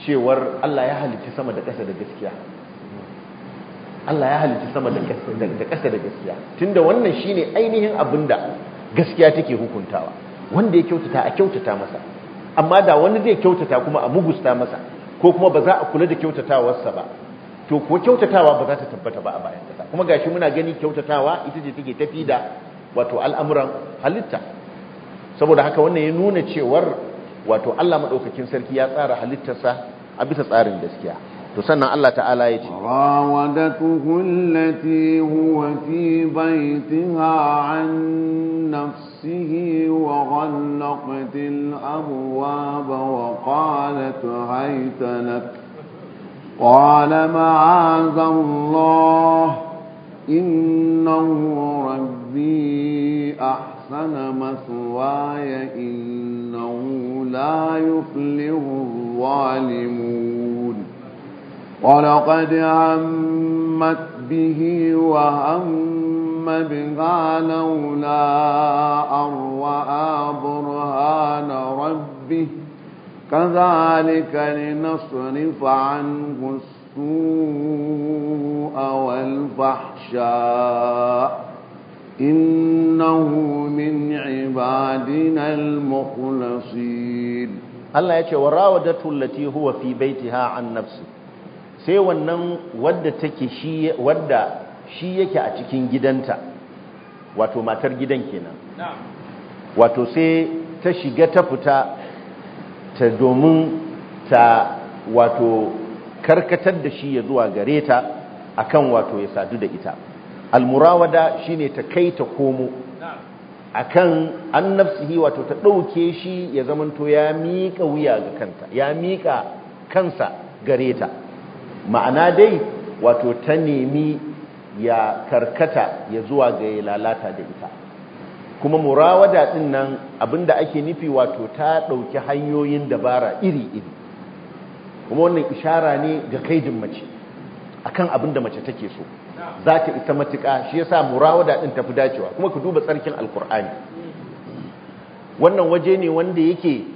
cewar Allah ya halitta sama da kasa da gaskiya Allah ya halitta sama da ƙasa da gaskiya tunda wannan shine ainihin abin da gaskiya take hukuntawa wanda ya kyautata a kyautata masa amma da wani zai kyautata kuma a mugusta masa ko kuma ba za a kula da kyautatawarsa ba to ko kyautatawa ba za ta tabbata ba a bayan kasa kuma gashi muna gani kyautatawa ita ce take tafi da wato al'amuran halitta saboda haka wannan ya nuna cewar wato Allah madaukakin sarki ya tsara halittarsa a bisa tsarin gaskiya تسنى الله تعالى يجي راودته التي هو في بيتها عن نفسه وغلقت الأبواب وقالت هيت لك قال معاذ الله إنه ربي أحسن مثواي إنه لا يفلغ الظالمون ولقد عمت به وهم بها لولا أروى برهان ربه كذلك لنصرف عنه السوء والفحشاء إنه من عبادنا المخلصين الله يقول وراودته التي هو في بيتها عن نفسه sai wannan wadda take shi wadda shi yake a cikin gidanta wato matar gidan kenan wato sai ta shiga ta fita ta domin ta wato karkatar da shi ya zuwa gare ta akan wato ya sadu da ita almurawada shine ta kai ta komo akan an nafsihi wato ta dauke shi ya zamanto ya miƙa wuya ga kanta ya miƙa kansa gare ta ma'ana dai wato ta nemi ya karkata ya zuwa ga ya lalata da ita kuma murawada din nan abinda ake nufi wato ta ɗauki hanyoyin dabara iri-iri kuma wannan ishara ne ga kaidin mace akan abinda mace take so za ta ita matuƙa shi yasa murawada din tafi dacewa kuma ku duba tsarkin alkur'ani wannan waje ne wanda yake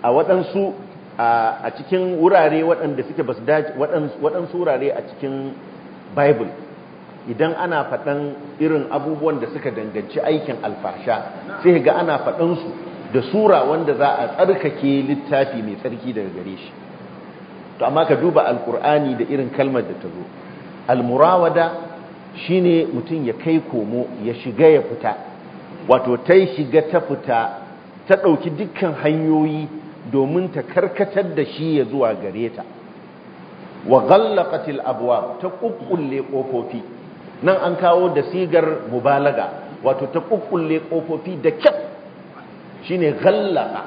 a waɗansu a cikin wurare waɗanda suke basu dace waɗansu wurare a cikin bible idan ana faɗan irin abubuwan da suka danganci aikin alfasha sai ga ana faɗansu da sura wanda za a tsarkake littafi mai tsarki daga gare shi to amma ka duba alkur'ani da irin kalmar da ta zo almurawada shi ne mutum ya kai komo ya shiga ya fita wato ta yi shiga ta fita ta ɗauki dukkan hanyoyi domin ta karkatar da shi ya zuwa gare ta wa ghallaqatil abwab ta kukkulle kofofi nan an kawo da sigar mubalaga wato ta kukkulle kofofi da kyau shine ghallaqa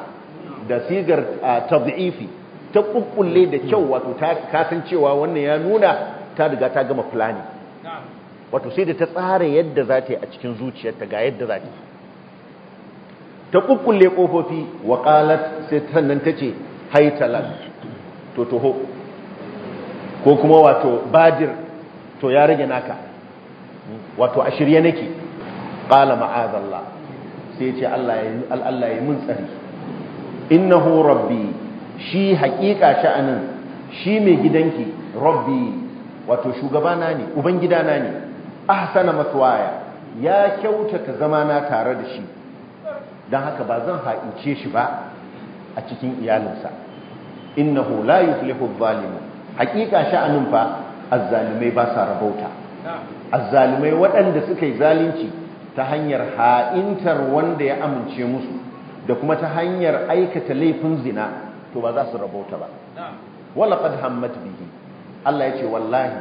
da sigar tad'ifi ta kukkulle da kyau wato ta kasancewa wannan ya nuna ta riga ta gama plani wato sai da ta tsara yadda za ta yi a cikin zuciyarta ga yadda za ta yi ta kukkulle kofofi wa kalat sai sannan ce haitalar to toho ko kuma wato badir to ya rage naka wato a shirye nake kala ma'azallah sai ce Allah ya yi mun tsari innahu rabbi shi haƙiƙa sha'anin shi mai gidanki rabbi wato shugabana ne ubangidana ne ahsana maswaya ya kyautata zamana tare da shi don haka ba zan ha'ince shi ba a cikin iyalinsa innahu la yuflihu zalimu hakika sha'anin fa azzalimai ba sa rabauta azzalimai waɗanda suka yi zalunci ta hanyar ha'intar wanda ya amince musu da kuma ta hanyar aikata laifin zina to ba za su rabauta ba wala qad hammat bihi Allah ya ce wallahi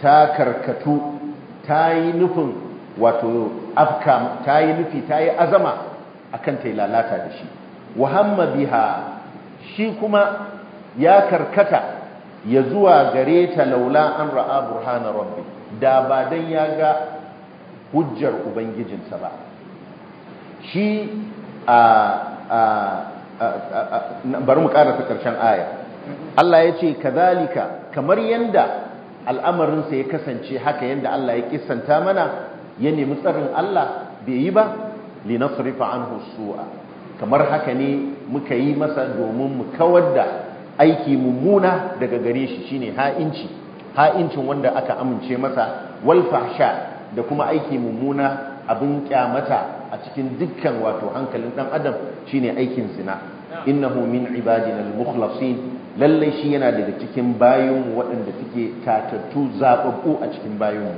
ta karkatu ta yi nufin wato afka ta yi nufi ta yi azama akan ta lalata da shi wa hamma biha shi kuma ya karkata ya zuwa gare ta laula an ra'a burhana rabbi da ba dan ya ga hujjar ubangijinsa ba shi a bari mu karanta karshen aya Allah ya ce kazalika kamar yanda al'amarinsa ya kasance haka yanda Allah ya kissanta mana ya nemi tsarin Allah bai yi ba linasrifa anhu su'a kamar haka ne muka yi masa domin mu kawar da aiki mummuna daga gare shi shine ha'inci ha'incin wanda aka amince masa wal fahsha da kuma aiki mummuna abin kyamata a cikin dukkan wato hankalin dan adam shine aikin zina innahu min ibadina al-mukhlasin lalle shi yana daga cikin bayin waɗanda suke tatattu zababbu a cikin bayin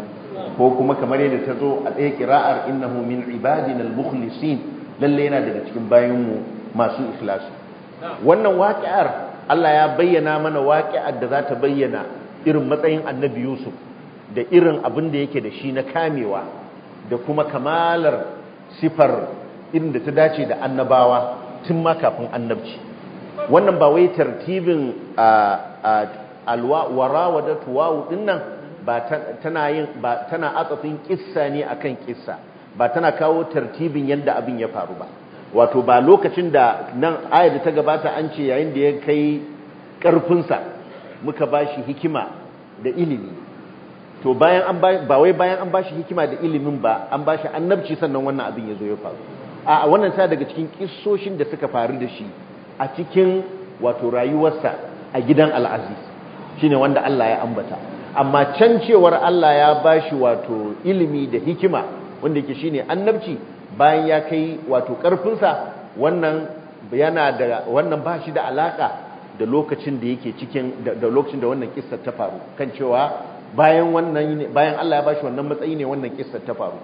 ko kuma kamar yadda ta zo a ɗaya kira'ar inna min ibadina al-mukhlisin lalle yana daga cikin bayanmu masu ikhlasu wannan waƙi'ar Allah ya bayyana mana waƙi'ar da za ta bayyana irin matsayin Annabi Yusuf da irin abin da yake da shi na kamewa da kuma kamalar sifar irin da ta dace da annabawa tun ma kafin annabci wannan ba wai tartibin alwa warawadatu wawu dinnan ba tana yin ba atsafin kissa ne akan kissa ba tana kawo tartibin yadda abin ya faru ba wato ba lokacin da nan ayar ta gabata an ce yayin da ya kai karfinsa muka bashi hikima da ilimi to bayan an ba wai bayan an bashi hikima da ilimin ba an bashi annabci sannan wannan abin ya zo ya faru a wannan ta daga cikin kisoshin da suka faru da shi a cikin wato rayuwarsa a gidan al'aziz shine wanda Allah ya ambata amma can cewar Allah ya bashi wato ilimi da hikima wanda shi shine annabci bayan ya kai wato karfinsa wannan yana da wannan bashi da alaka da lokacin da yake cikin da lokacin da wannan kissar ta faru kan cewa bayan wannan bayan Allah ya bashi wannan matsayi ne wannan kissar ta faru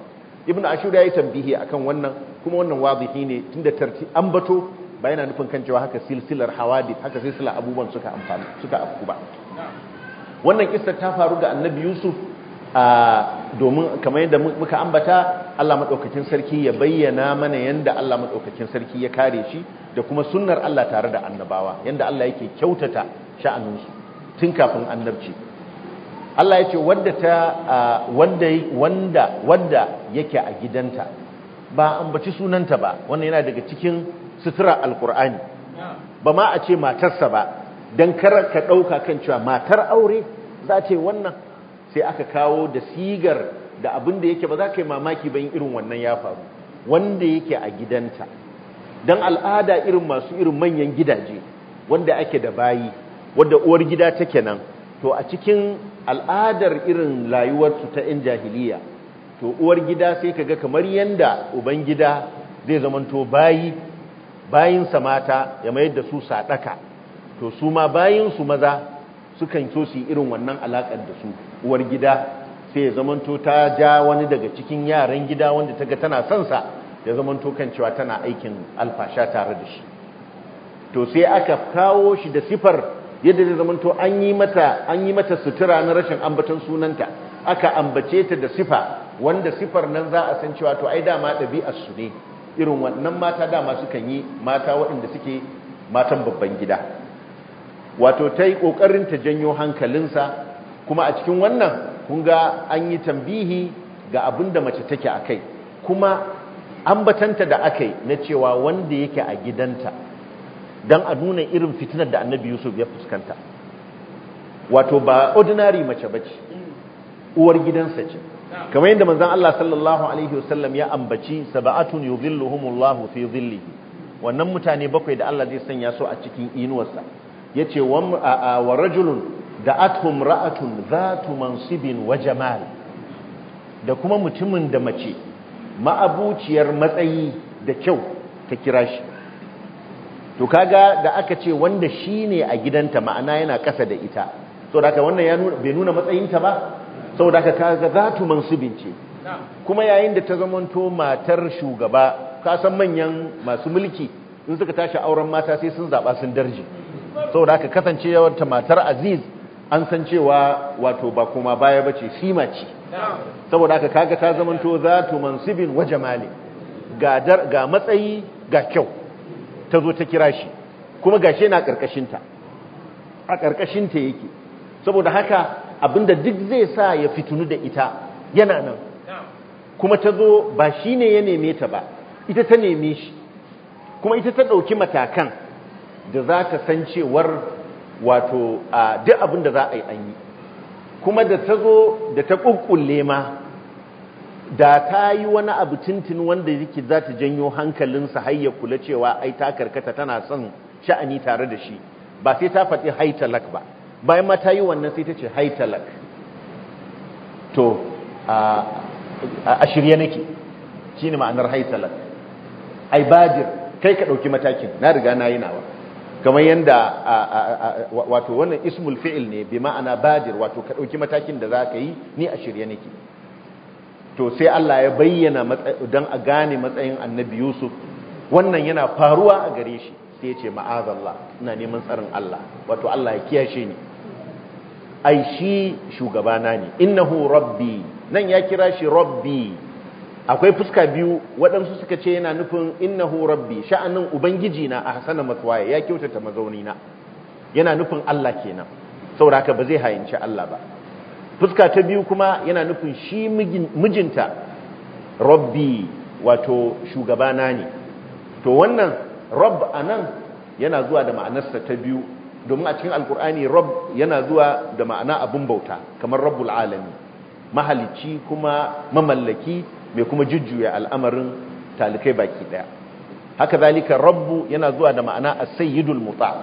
ibn ashur ya yi tambihi kan wannan kuma wannan wadihi ne tun da tarti ambato ba yana nufin kan cewa haka silsilar hawadi haka silsilar abubuwan suka amfani suka afku ba wannan kissa ta faru ga annabi yusuf domin kamar yadda muka ambata Allah maɗaukakin sarki ya bayyana mana yadda Allah maɗaukakin sarki ya kare shi da kuma sunnar Allah tare da annabawa yadda Allah yake kyautata sha'aninsu tun kafin annabci Allah ya ce wadda ta wanda wadda yake a gidanta ba ambaci sunanta ba wannan yana daga cikin sutura alkur'ani ba ma a ce matarsa ba don kar ka ɗauka kan cewa matar aure za ce wannan sai aka kawo da sigar da abin da yake ba za ka yi mamaki ba irin wannan ya faru wanda yake a gidanta don al'ada irin masu irin manyan gidaje wanda ake da bayi wadda uwar gida take nan to a cikin al'adar irin layuwarsu ta 'yan jahiliya to uwar gida sai ka ga kamar yadda ubangida zai zamanto bayi bayinsa mata ya mayar da su sadaka to su ma su maza sukan so su yi irin wannan alakar da su uwar gida sai ya zamanto ta ja wani daga cikin yaran gida wanda ta ga tana son sa ya zamanto kan cewa tana aikin alfasha tare da shi to sai aka kawo shi da sifar yadda zai zamanto an yi mata an yi mata sutura na rashin ambaton sunanta aka ambace ta da sifa wanda sifar nan za a san cewa to ai dama ɗabi'ar su ne irin wannan mata dama sukan yi mata waɗanda suke matan babban gida wato ta yi ƙoƙarin ta janyo hankalinsa kuma a cikin wannan kun ga an yi tambihi ga abin da mace take a kai kuma ambatanta da aka yi na cewa wanda yake a gidanta don a nuna irin fitinar da annabi yusuf ya fuskanta wato ba ordinary mace ba ce uwar gidansa ce kamar yadda manzan Allah sallallahu alaihi wasallam ya ambaci saba'atun yuzilluhumullahu fi zillihi wannan mutane bakwai da Allah zai sanya so a cikin inuwarsa yace wa rajulun da atum ra'atun zatu mansibin wa jamal da kuma mutumin da mace ma'abuciyar matsayi da kyau ta kira shi to kaga da aka ce wanda shi ne a gidanta ma'ana yana kasa da ita da aka wannan ya nuna bai nuna matsayinta ba saboda ga kaga zatu mansibin ce kuma yayin da ta zamanto matar shugaba kasan manyan masu mulki in suka tashi auren mata sai sun zaba sun darji. saboda aka kasance wata matar aziz an san cewa wato ba kuma baya ce sima ce saboda aka kaga ta zamanto tu mansibin wa jamali ga matsayi ga kyau ta zo ta kira shi kuma gashe na karkashin ta a karkashin yake saboda haka abinda duk zai sa ya fitunu da ita yana nan kuma ta zo ba shi ne ya neme ta ba ita ta neme shi kuma ita ta ɗauki matakan da za ta san cewar wato duk abin da za a yi an yi kuma da ta zo da ta ƙuƙƙulle ma da ta yi wani abu tintin wanda yake za ta janyo hankalinsa har ya kula cewa ai ta karkata tana son sha'ani tare da shi ba sai ta faɗi haitalak ba bayan ma ta yi wannan sai ta ce haitalak to a shirye nake shi ne ma'anar haitalak ai badir kai ka ɗauki matakin na riga na yi nawa kamar yadda wato wannan ismul fi'il ne bi ma'ana badir wato ka ɗauki matakin da za ka yi ni a shirye nake to sai Allah ya bayyana don a gane matsayin annabi Yusuf wannan yana faruwa a gare shi sai ya ce ma'azallah ina neman tsarin Allah wato Allah ya kiyashe ni ai shi shugabana ne innahu rabbi nan ya kira shi rabbi akwai fuska biyu waɗansu suka ce yana nufin innahu rabbi sha'anin ubangiji na a hasana matsuwaye ya kyautata mazauni na yana nufin Allah kenan sauraka ba zai hayinci Allah ba fuska ta biyu kuma yana nufin shi mijinta rabbi wato shugabana ne to wannan a nan yana zuwa da ma'anarsa ta biyu domin a cikin alkur'ani rabb yana zuwa da ma'ana abun bauta kamar rabbul alami mahalicci kuma mamallaki mai kuma jujjuya al'amarin talikai baki ɗaya. haka zalika rabbu yana zuwa da ma'ana sai yi muta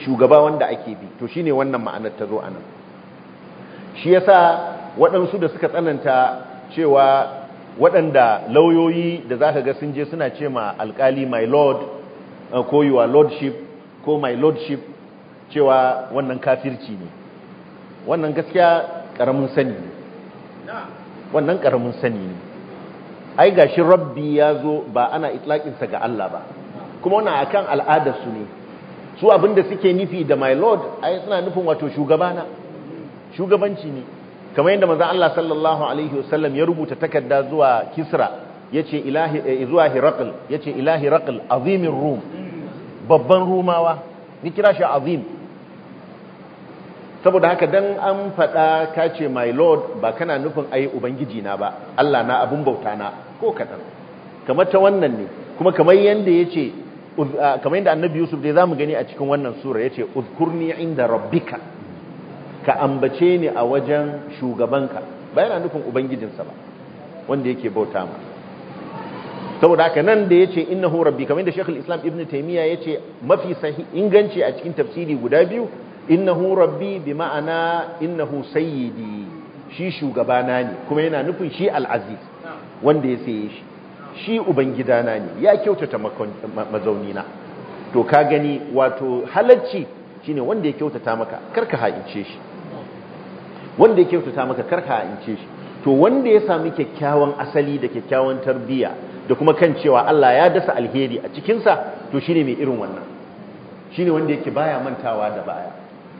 shugaba wanda ake bi to shine wannan ma'anar ta zo a nan. shi ya sa waɗansu da suka tsananta cewa waɗanda lauyoyi da za ka ga sun je suna ce ma alkali my lord uh, ko your lordship ko my lordship cewa wannan kafirci ne wannan gaskiya ƙaramin ne wannan karamin sani ne ai gashi rabbi ya zo ba ana itlaƙinsa ga Allah ba kuma wannan akan su ne su abinda suke nufi da my lord ai suna nufin wato shugabana shugabanci ne kamar yadda manzon Allah sallallahu alaihi wasallam ya rubuta takarda zuwa Kisra yace ilahi eh, zuwa Hiraql yace ilahi raql azimin rum babban rumawa ni kira shi azim saboda haka dan an faɗa ka ce my lord ba kana nufin ai ubangiji na ba Allah na abun bauta na ko kadan kamar ta wannan ne kuma kamar yanda yace kamar yanda annabi yusuf dai zamu gani a cikin wannan sura yace uzkurni inda rabbika ka ambace ni a wajen shugabanka ba yana nufin ubangijinsa ba wanda yake bauta ma saboda haka nan da yace innahu rabbi kamar da shaykhul islam ibnu taymiya yace mafi sahi inganci a cikin tafsiri guda biyu innahu rabbi bi ma'ana innahu sayyidi shi shugabana ne kuma yana nufin shi al'aziz wanda ya saye shi shi ubangidana ne ya kyautata mazaunina to ka gani wato halacci shine wanda ya kyautata maka karka ha'ince shi wanda ya kyautata maka karka ha'ince shi to wanda ya sami kyakkyawan asali da kyakkyawan tarbiya da kuma kan cewa Allah ya dasa alheri a cikinsa to shine mai irin wannan shine wanda yake baya mantawa da baya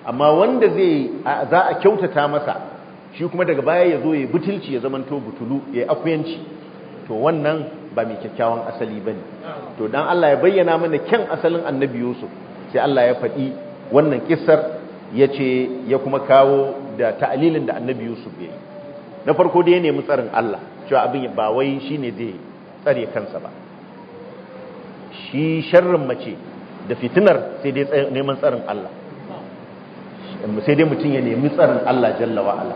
amma wanda zai za a kyautata masa shi kuma daga baya ya zo ya butulci ya zamanto butulu ya akuyanci to wannan ba mai kyakkyawan asali ba ne to dan Allah ya bayyana mana kyan asalin annabi Yusuf sai Allah ya faɗi wannan kisar ya ce ya kuma kawo da ta'alilin da annabi Yusuf yayi na farko da ya nemi tsarin Allah cewa abin ba wai shi ne zai tsare kansa ba shi sharrin mace da fitinar sai dai neman tsarin Allah sai dai mutum ya nemi tsarin Allah jalla wa'ala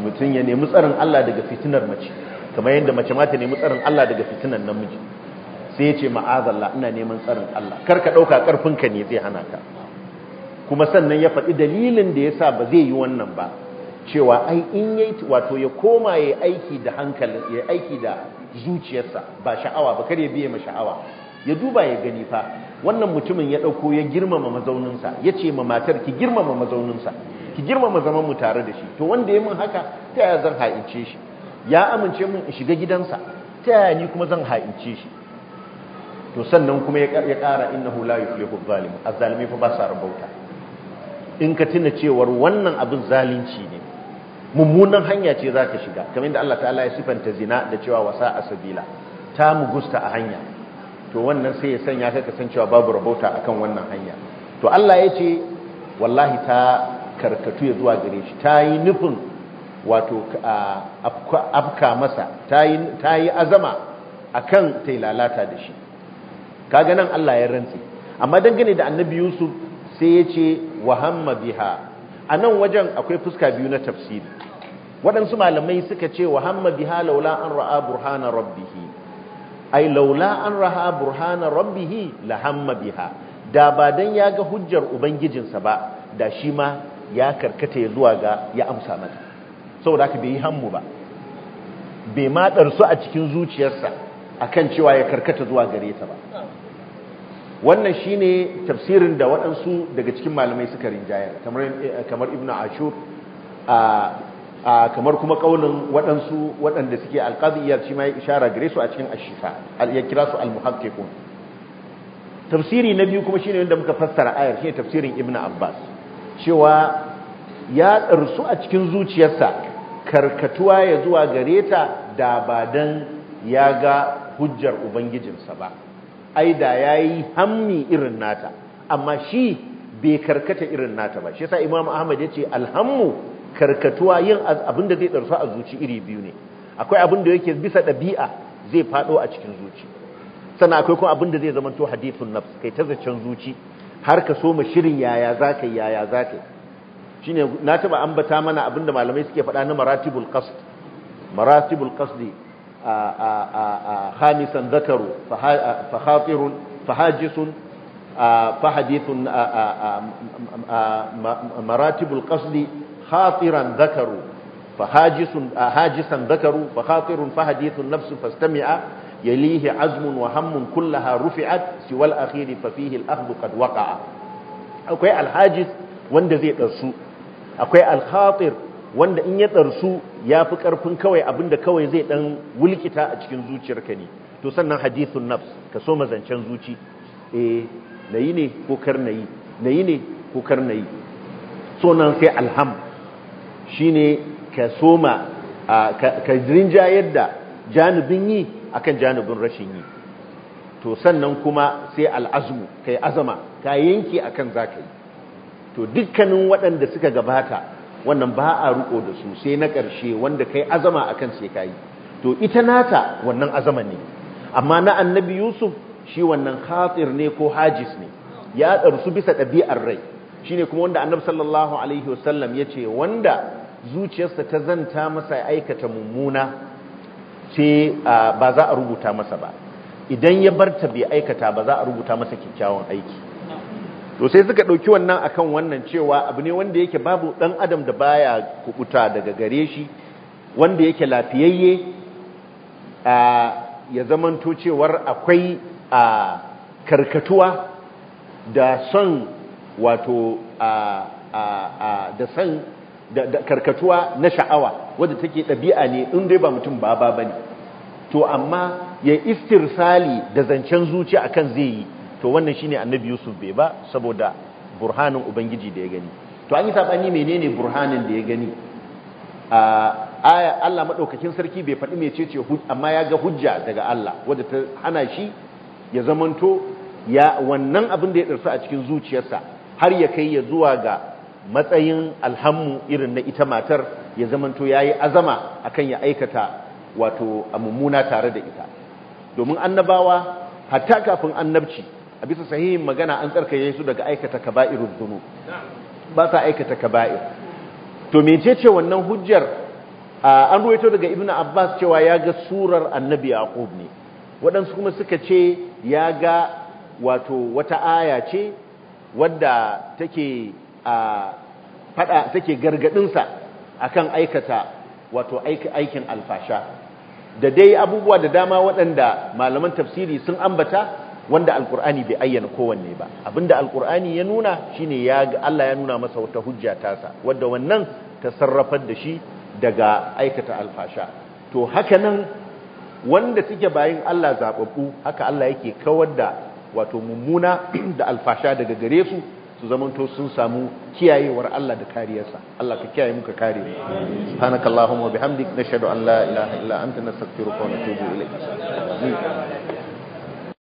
mutum ya nemi tsarin Allah daga fitinar mace kamar yadda mace ma ta nemi tsarin Allah daga fitinar namiji sai ya ce ma'azalla ina neman tsarin Allah kar ka ɗauka ƙarfinka ne zai hana ka kuma sannan ya faɗi dalilin da ya sa ba zai yi wannan ba cewa ai in yayi wato ya koma yayi aiki da hankali yayi aiki da zuciyarsa ba sha'awa ba kar ya biye ma sha'awa ya duba ya gani fa wannan mutumin ya dauko ya girmama mazauninsa ya ce ma matar ki girmama mazauninsa ki girmama zaman mu tare da shi to wanda ya min haka ta yaya zan ha'ince shi ya amince min in shiga gidansa ta yaya ni kuma zan ha'ince shi to sannan kuma ya kara innahu la yuflihu zalim azzalimi fa ba sa rabauta in ka tuna cewar wannan abin zalunci ne mummunan hanya ce za ka shiga kamar yadda Allah ta'ala ya sifanta zina da cewa wasa a sabila ta mugusta a hanya to wannan sai ya sanya ka kasancewa babu rabauta akan wannan hanya to Allah ya ce wallahi ta karkatu ya zuwa gare shi ta yi nufin wato afka masa ta yi azama akan ta lalata da shi kaga nan Allah ya rantsi amma dangane da annabi Yusuf sai ya ce wahamma biha a nan wajen akwai fuska biyu na tafsiri waɗansu malamai suka ce wahamma biha laula an ra'a burhana rabbihi ai laula an raha burhana rabbihi hamma biha da ba dan ya ga hujjar ubangijinsa ba da shi ma ya karkata ya zuwa ga ya amsa mata saboda haka bai yi hammu ba bai matsar su a cikin zuciyarsa akan cewa ya karkata zuwa gare ta ba wannan shine tafsirin da waɗansu daga cikin malamai suka rinjaya kamar eh, kamar ibnu ashur a kamar kuma kaunin waɗansu waɗanda suke alqadiyya shi ma ya ishara gare su a cikin ashifa ya kira su almuhaqqiqun tafsiri na biyu kuma shine wanda muka fassara ayar shine tafsirin ibnu abbas cewa ya tsarsu a cikin zuciyarsa karkatuwa ya zuwa gare ta da ba dan ya ga hujjar ubangijinsa ba ai da yayi hammi irin nata amma shi bai karkata irin nata ba shi yasa imam ahmad yace alhammu karkatuwa yin abin da zai ɗarsu a zuci iri biyu ne akwai abin da yake bisa ɗabi'a zai faɗo a cikin zuci sannan akwai kuma abin da zai zama to hadithun nafs kai ta zaccen zuci har ka so mu shirin yaya za ka yaya za ka shine na taɓa ambata mana abin da malamai suke faɗa na maratibul qasd maratibul a khamisan zakaru fa khatirun fa hajisun fa hadithun maratibul qasd khatiran dhakaru fa hajisun hajisan dhakaru fa khatirun fa hadithun nafsu fastami'a yalihi azmun wa hammun kullaha rufi'at siwa al-akhir fa fihi al akwai al wanda zai darsu akwai al wanda in ya darsu yafi karfin kawai abinda kawai zai ɗan wulkita a cikin zuciyarka ne to sannan hadithun nafs ka so mazancen zuci eh nayi ne ko kar nayi nayi ne ko kar nayi so nan sai alham shine ka soma ka rinjayar da janibin yi akan janibin rashin yi to sannan kuma sai al'azmu kai azama ka yanki akan zaka yi to dukkanin waɗanda suka gabata wannan ba a riko da su sai na ƙarshe wanda kai azama akan sai ka yi to ita nata wannan azama ne amma na annabi yusuf shi wannan khatir ne ko hajis ne ya ɗarsu bisa ɗabi'ar rai shine kuma wanda annabi sallallahu alaihi wasallam ya ce wanda zuciyarsa ta zanta masa aikata mummuna ce ba za a rubuta masa ba idan ya barta bai aikata ba za a rubuta masa kyakkyawan aiki to sai suka ɗauki wannan akan wannan cewa abu ne wanda yake babu ɗan adam da baya kubuta daga gare shi wanda yake lafiyayye ya zamanto cewar akwai a karkatuwa da son wato da son da karkatuwa na sha'awa wadda take ɗabi'a ne in dai ba mutum ba ba ba ne. to amma ya istirsali da zancen zuciya akan zai yi to wannan shine annabi yusuf bai ba saboda burhanin ubangiji da ya gani to an yi sabani menene burhanin da ya gani aya Allah maɗaukakin sarki bai faɗi mecece amma ya ga hujja daga Allah wadda ta hana shi ya zamanto ya wannan abin da ya ɗarsa a cikin zuciyarsa har ya kai ya zuwa ga matsayin alhammu irin na ita matar ya zamanto ya yi azama akan ya aikata wato a mummuna tare da ita domin annabawa hatta kafin annabci a bisa sahihin magana an tsarkake su daga aikata kaba'irul dhunub ba sa aikata kaba'ir to mecece wannan hujjar an ruwaito daga ibnu abbas cewa ya ga surar annabi yaqub ne waɗansu kuma suka ce ya ga wato wata aya ce wadda take a fada take sa akan aikata wato aikin alfasha da dai abubuwa da dama waɗanda malaman tafsiri sun ambata wanda alkur'ani bai ayyana kowanne ba abinda alkur'ani ya nuna shine ya Allah ya nuna masa wata hujja tasa wanda wannan ta sarrafar da shi daga aikata alfasha to haka nan wanda suke bayin Allah zababbu haka Allah yake kawar da wato mummuna *clears throat* da alfasha daga gare su su zamanto sun samu kiyayewar Allah da kariyarsa Allah ka kiyaye muka kare subhanaka allahumma wa bihamdik nashhadu an la ilaha illa anta nastaghfiruka wa natubu ilayk